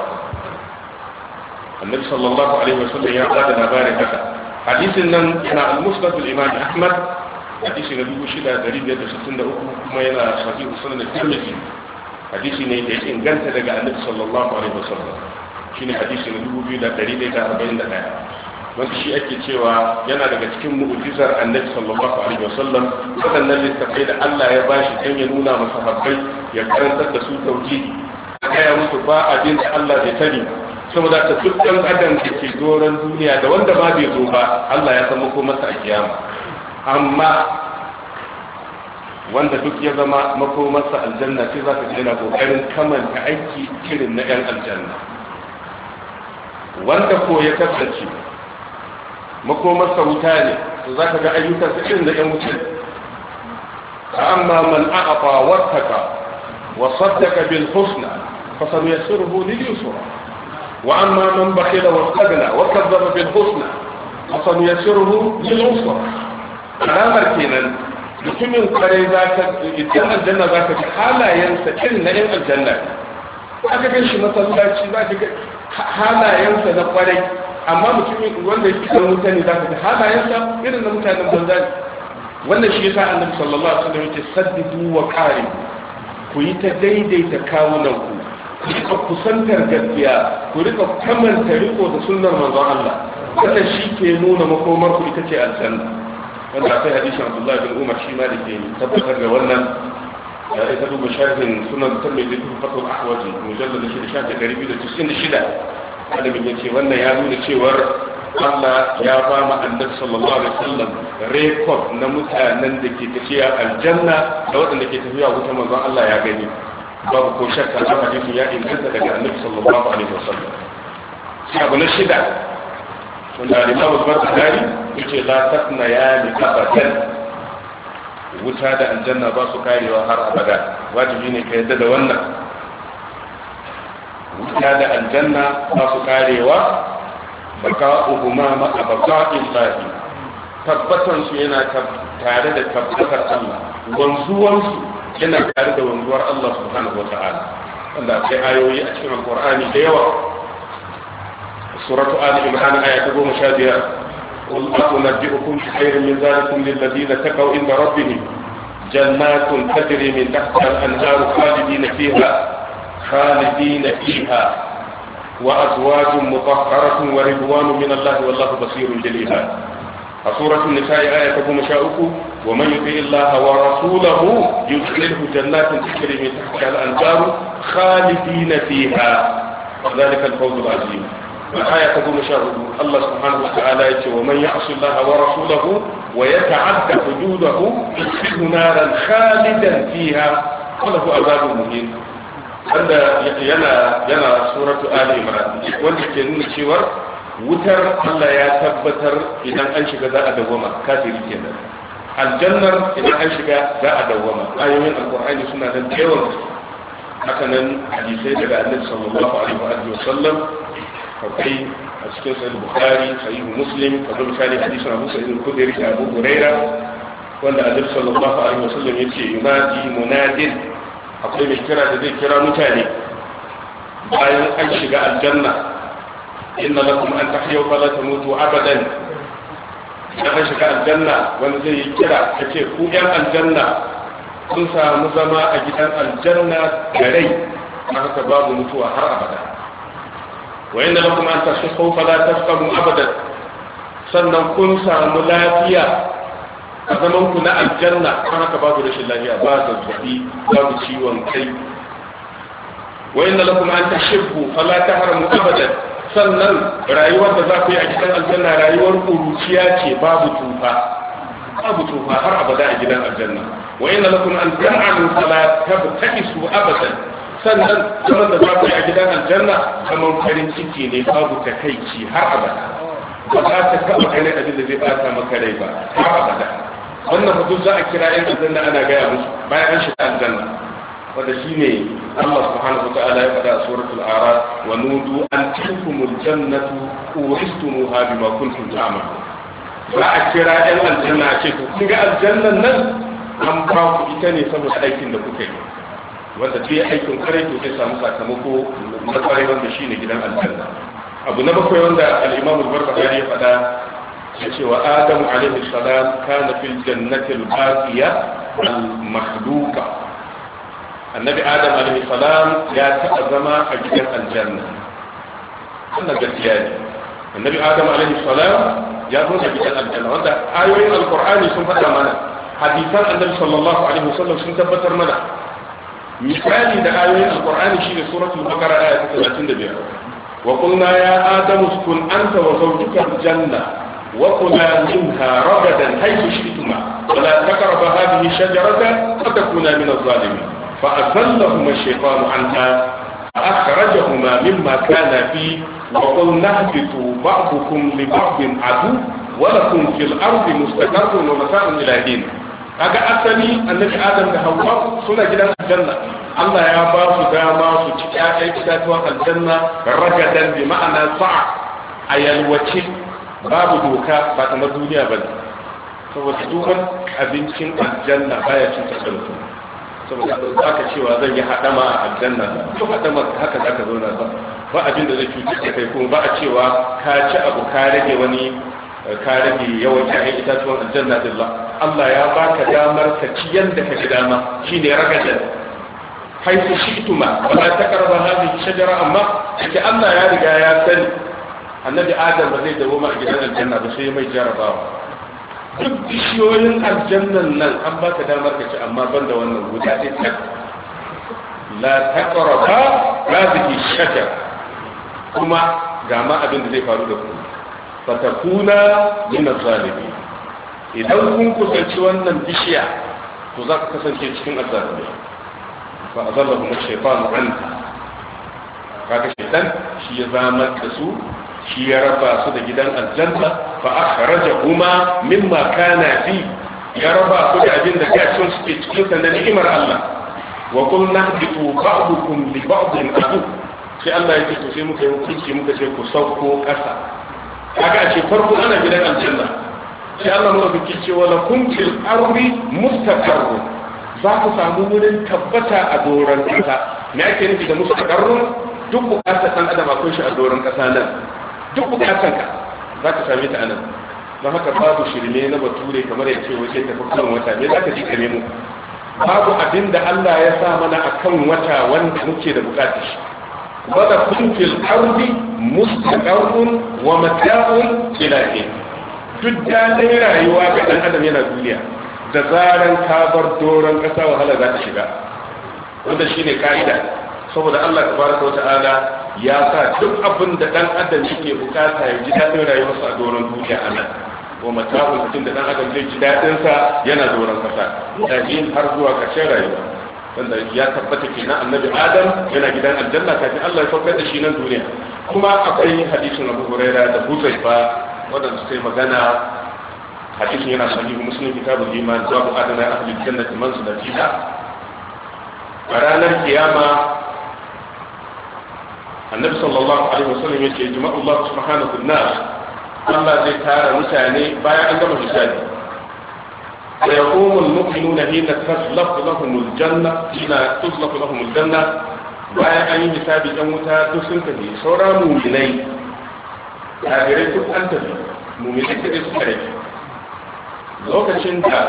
Speaker 1: annabi sallallahu alaihi wa sallam ya bada labarin haka hadisin nan yana al-musnad al-imam Ahmad hadisi na 6563 kuma yana sahih sunan Tirmidhi hadisi ne da ya inganta daga annabi sallallahu alaihi wa wasallam shine hadisi na 2141 wanda shi ake cewa yana daga cikin mu'jizar annabi sallallahu alaihi wa wasallam wadannan littafai da Allah ya bashi dan ya nuna masa habbai ya karantar da su tauhidi gaya musu ba abin da Allah bai sani saboda ta dukkan adam da ke doron duniya da wanda ba bai zo ba Allah ya san mako masa a kiyama amma wanda duk ya zama mako aljanna sai za ka ji yana kaman kamanta aiki irin na yan aljanna wanda ko ya kasance mako masa wuta ne to za ka ga ayyukan su irin da yan wuta amma man a'ata wattaka wa saddaka bil husna فسنيسره لليسرى واما من بخل واستغنى وكذب بالحسنى فسنيسره للعسرى لا مركينا لكم من قري ذاك اتنى الجنة ذاك حالا ينسى كل نعم الجنة ذاك كنش مثلا ذاك حالا ينسى ذاك أما مكيم يقول لك كلمة تاني ذاك حالا ينسى إذا لم تكن من ذلك وأن الشيطان النبي صلى الله عليه وسلم يقول صدقوا وكارموا كويت ديدي تكاونوا كنا ku rika kusantar gaskiya ku rika kamanta riko da sunnar manzon Allah kada shi ke nuna makomar ku ita ce aljanna wanda akai hadisin Abdullah bin Umar shi ma da ke tabbatar da wannan ya ita duba shafin sunan tarmidhi fi fatul ahwaji mujallad shi da shafin 296 malamin ya ce wannan ya nuna cewar Allah ya ba mu annabi sallallahu alaihi wasallam rekod na mutanen da ke tafiya aljanna da waɗanda ke tafiya wuta manzon Allah ya gani babu ko shakka na hadisi ya inganta daga annabi sallallahu alaihi wasallam sai abu na shida wanda al-imam al-bukhari yace la tasna ya li abadan wuta da aljanna ba su karewa har abada wajibi ne ka yadda da wannan wuta da aljanna ba su karewa baka'uhuma ma abaqa'il lahi tabbatan su yana tare da tabbatar Allah wanzuwansu yana tare da wanzuwar Allah subhanahu wata'ala wanda akwai ayoyi a cikin alqur'ani da yawa suratu ali imran aya ta goma sha biyar قل أتنبئكم بخير من ذلكم للذين اتقوا عند ربهم جنات تجري من تحتها الأنهار خالدين فيها خالدين فيها وأزواج مطهرة ورضوان من الله والله بصير بالعباد سورة النساء آية كما شاءكم ومن يطع الله ورسوله يدخله جنات تجري من تحتها الأنهار خالدين فيها وذلك الفوز العظيم الآية كما شاءكم الله سبحانه وتعالى ومن يعص الله ورسوله ويتعدى حدوده يدخله نارا خالدا فيها وله عذاب مهين هذا ينا ينا سورة آل عمران ولكن من wutar Allah ya tabbatar idan an shiga za a dawwama kafiri kenan aljannar idan an shiga za a dawwama ayoyin alqur'ani suna nan yawan haka nan hadisai daga annabi sallallahu alaihi wa sallam akwai a cikin sahih bukhari sahih muslim kamar misali hadisin abu sa'id al-khudri da abu huraira wanda annabi sallallahu alaihi wa sallam yace yunadi munadin akwai mai kira da zai kira mutane bayan an shiga aljanna inna lakum an tahyaw fala tamutu abadan da an shiga aljanna wani zai yi kira ka ce ku yan aljanna sun samu zama a gidan aljanna da rai na haka babu mutuwa har abada wa inna lakum an tashihu fala tafqamu abadan sannan kun samu lafiya a zaman ku na aljanna kan haka babu rashin lafiya ba zazzabi babu ciwon kai wa inna lakum an tashibbu fala tahramu abadan sannan rayuwar da za ku yi a gidan aljanna rayuwar ƙuruciya ce babu tufa babu tufa har abada a gidan aljanna wa inna lakum an ta'malu fala tabta'isu abadan sannan zaman da za ku yi a gidan aljanna kamar farin ciki ne babu takaici har abada ba za ta taɓa ganin abin da zai ɓata maka rai ba har abada wannan mutum za a kira yan aljanna ana gaya musu bayan an shiga aljanna wanda shine Allah subhanahu wataala ya faɗa a suratul araf wa nudu an tilkumul jannatu uristumuha bima kuntum ta'malun
Speaker 3: za a kira ɗan aljanna a ce to kun ga aljannan nan
Speaker 1: an ba ku ita ne saboda aikin da kuka yi wanda ta yi aikin kwarai to sai samu sakamako na kwarai wanda ne gidan aljanna abu na bakwai wanda al-imamu ya faɗa ya ce wa adamu alaihi salam kana fil jannati al-baqiya al-mahduka annabi adam alaihi salam ya taɓa zama a gidan aljanna wannan gaskiya ne annabi adam alaihi salam ya zo da gidan aljanna wanda ayoyin alqur'ani sun faɗa mana hadisan annabi sallallahu alaihi wasallam sun tabbatar mana misali da ayoyin alqur'ani shine suratul baqara aya ta 35 wa qulna ya adam uskun anta wa zawjuka aljanna wa kula minha ragadan haythu
Speaker 2: shi'tuma wa la taqrabu hadhihi shajarata fatakuna
Speaker 1: min adh-dhalimin فأزلهما الشيطان عنها فأخرجهما مما كان فيه وقل نهبط بعضكم لبعض عدو ولكم في الأرض مستقر ومتاع إلى حين أجا أسامي النبي آدم هو سنة جدا الجنة الله يا باسو داما سوتشيكا أي كتاب الجنة رجدا بمعنى صعب أي الوجه باب دوكا بعد ما الدنيا بدأ فوزدوها أبنشن الجنة غاية تتكلم saboda za cewa zan yi haɗama a aljanna to haɗama haka za ka zauna ba ba abin da zai cutar da kai kuma ba a cewa ka ci abu ka rage wani ka rage yawan ƴaƴan itatuwan aljanna dillah Allah ya baka damar ka ci yanda ka ji dama shine ragajen. haifu shituma ba ta karba hadin shajara amma yake Allah ya riga ya sani annabi Adam ba zai dawo ma a gidan aljanna ba sai mai jarabawa duk bishiyoyin aljannan nan an baka damar ka ci amma ban da wannan guda ɗin tak la taqraba hadhihi shajar kuma ga ma abin da zai faru da ku fatakuna min zalimi idan kun kusanci wannan bishiya to za ku kasance cikin azzalimi fa azallahu shaytanu anka kaga shaytan shi ya zama da su shi ya raba su da gidan aljanna fa akhrajahuma mimma kana fi ya raba su da abin da gashin suke cikin sa na ni'imar Allah wa qulna bitu ba'dukum li ba'din adu sai Allah ya ce to sai muka yi hukunci muka ce ku sauko kasa kaga ce farko ana gidan aljanna sai Allah mu rubuce cewa lakum fil ardi mustaqarrun za ku samu wurin tabbata a doron kasa me ake nufi da mustaqarrun duk bukatar san adam akwai shi a doron kasa nan duk bukatar ka za ka same ta anan don haka babu shirme na bature kamar ya ce wace ta kan wata me za ka ji ka babu abin da Allah ya sa mana a kan wata wanda muke da bukata shi wadda kun fil ardi mustaqarrun wa mata'un ila duk daɗin rayuwa ga dan adam yana duniya da zaran ka bar doron ƙasa wahala za ta shiga wanda shine ka'ida saboda Allah tabaraka wa ta'ala ya sa duk abin da dan adam yake bukata ya ji daɗin rayuwarsa a doron duniya a nan wa matakin da dan adam zai ji daɗin sa yana doron kasa daɗin har zuwa ƙarshen rayuwa wanda ya tabbata kenan annabi adam yana gidan aljanna kafin Allah ya saukar da shi nan duniya kuma akwai hadisin Abu Huraira da Huzaifa ba suka sai magana hadisin yana sahihu muslim kitabul iman babu adana ahli jannati manzila fiha a ranar kiyama annabi sallallahu alaihi wasallam yace jama'u Allah subhanahu nas Allah zai tara mutane bayan an gama hisabi wa yaqumu al-mu'minuna hina taslaqu lahum al-janna hina tuslaqu lahum al-janna bayan an yi hisabi dan wuta duk sun tafi sauran mu'minai kafirai duk an tafi mu'minai kadai suka rage lokacin da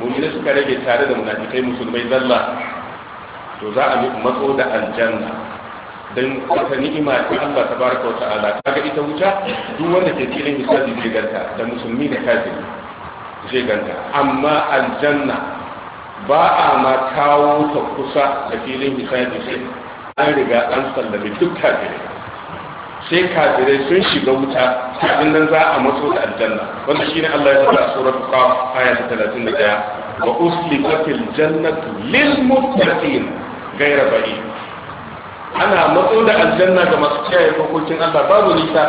Speaker 1: mu'minai suka rage tare da munafikai musulmai zalla to za a yi matso da aljanna don wata ni'ima ta Allah ta baraka wa ta'ala kaga ita wuta duk wanda ke filin misali zai ganta da musulmi da kafiri zai ganta amma aljanna ba a ma kawo ta kusa da filin hisabi sai an riga an sallame duk kafiri sai kafirai sun shiga wuta kafin nan za a matso da aljanna wanda shine Allah ya faɗa sura qaf aya ta 31 wa uslifatil jannatu lil muttaqin ghayra ba'id ana matso da aljanna ga masu kiyaye hukuncin Allah babu nisa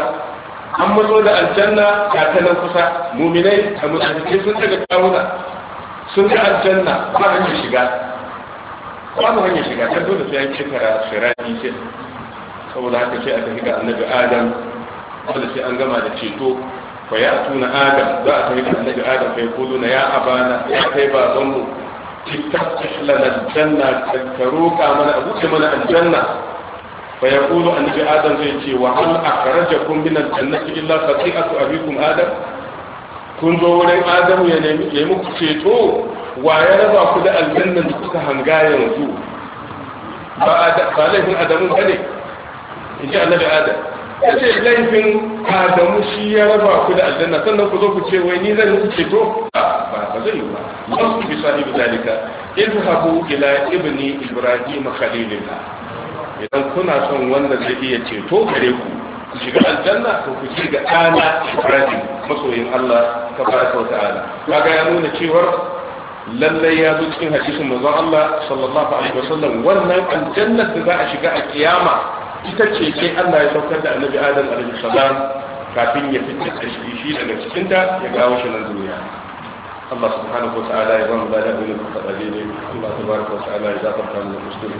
Speaker 1: an matso da aljanna ga ta nan kusa muminai a mutane sun daga kawuna sun ga aljanna ba yi shiga ba an hanyar shiga ta dole sai an kitara sirati ce saboda haka ce a tafi ga annabi adam wanda sai an gama da ceto fa ya tuna adam za a tafi da annabi adam fa ya kudu na ya abana ya kai babanmu
Speaker 2: ki tattahla
Speaker 1: lana janna ta roƙa mana a mana aljanna fa yaqulu annabi adam zai ce wa hal akhrajakum min al-jannati illa qati'atu abikum adam kun zo wurin adam ya nemi ya muku ceto wa ya raba da aljannan da hanga yanzu ba laifin adamu ya ce laifin adamu shi ya raba ku da aljanna sannan ku zo ku ce wai ni zan muku ceto ba ba zai yi ba wasu bisa ibi zalika idhabu ila ibni ibrahim khalilillah idan kuna son wanda zai iya ceto gare ku ku shiga aljanna ko ku shiga ana ibrahim masoyin Allah tabaraka wa ta'ala kaga ya nuna cewar lallai ya zo cikin hadisin manzon Allah sallallahu alaihi wasallam wannan aljanna da za a shiga a kiyama ita ce ce Allah ya saukar da annabi Adam alaihi salam kafin ya fitta kashi shi daga cikin ta ya gawo shi nan duniya الله سبحانه وتعالى يبان بلاء من المتقبلين الله تبارك وتعالى يجعل قرآن المسلمين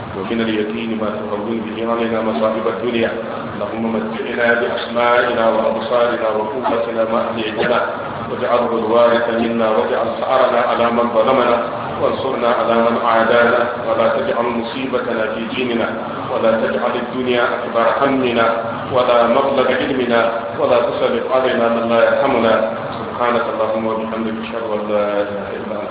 Speaker 1: ومن اليقين ما تقرون به علينا مصائب الدنيا اللهم متعنا بأسمائنا وأبصارنا وقوتنا ما أحييتنا واجعله الوارث منا واجعل سعرنا على من ظلمنا وانصرنا على من عادانا ولا تجعل مصيبتنا في ديننا ولا تجعل الدنيا أكبر همنا ولا مبلغ علمنا ولا تسلط علينا من لا يرحمنا سبحانك اللهم وبحمدك اشهد ان لا اله الا انت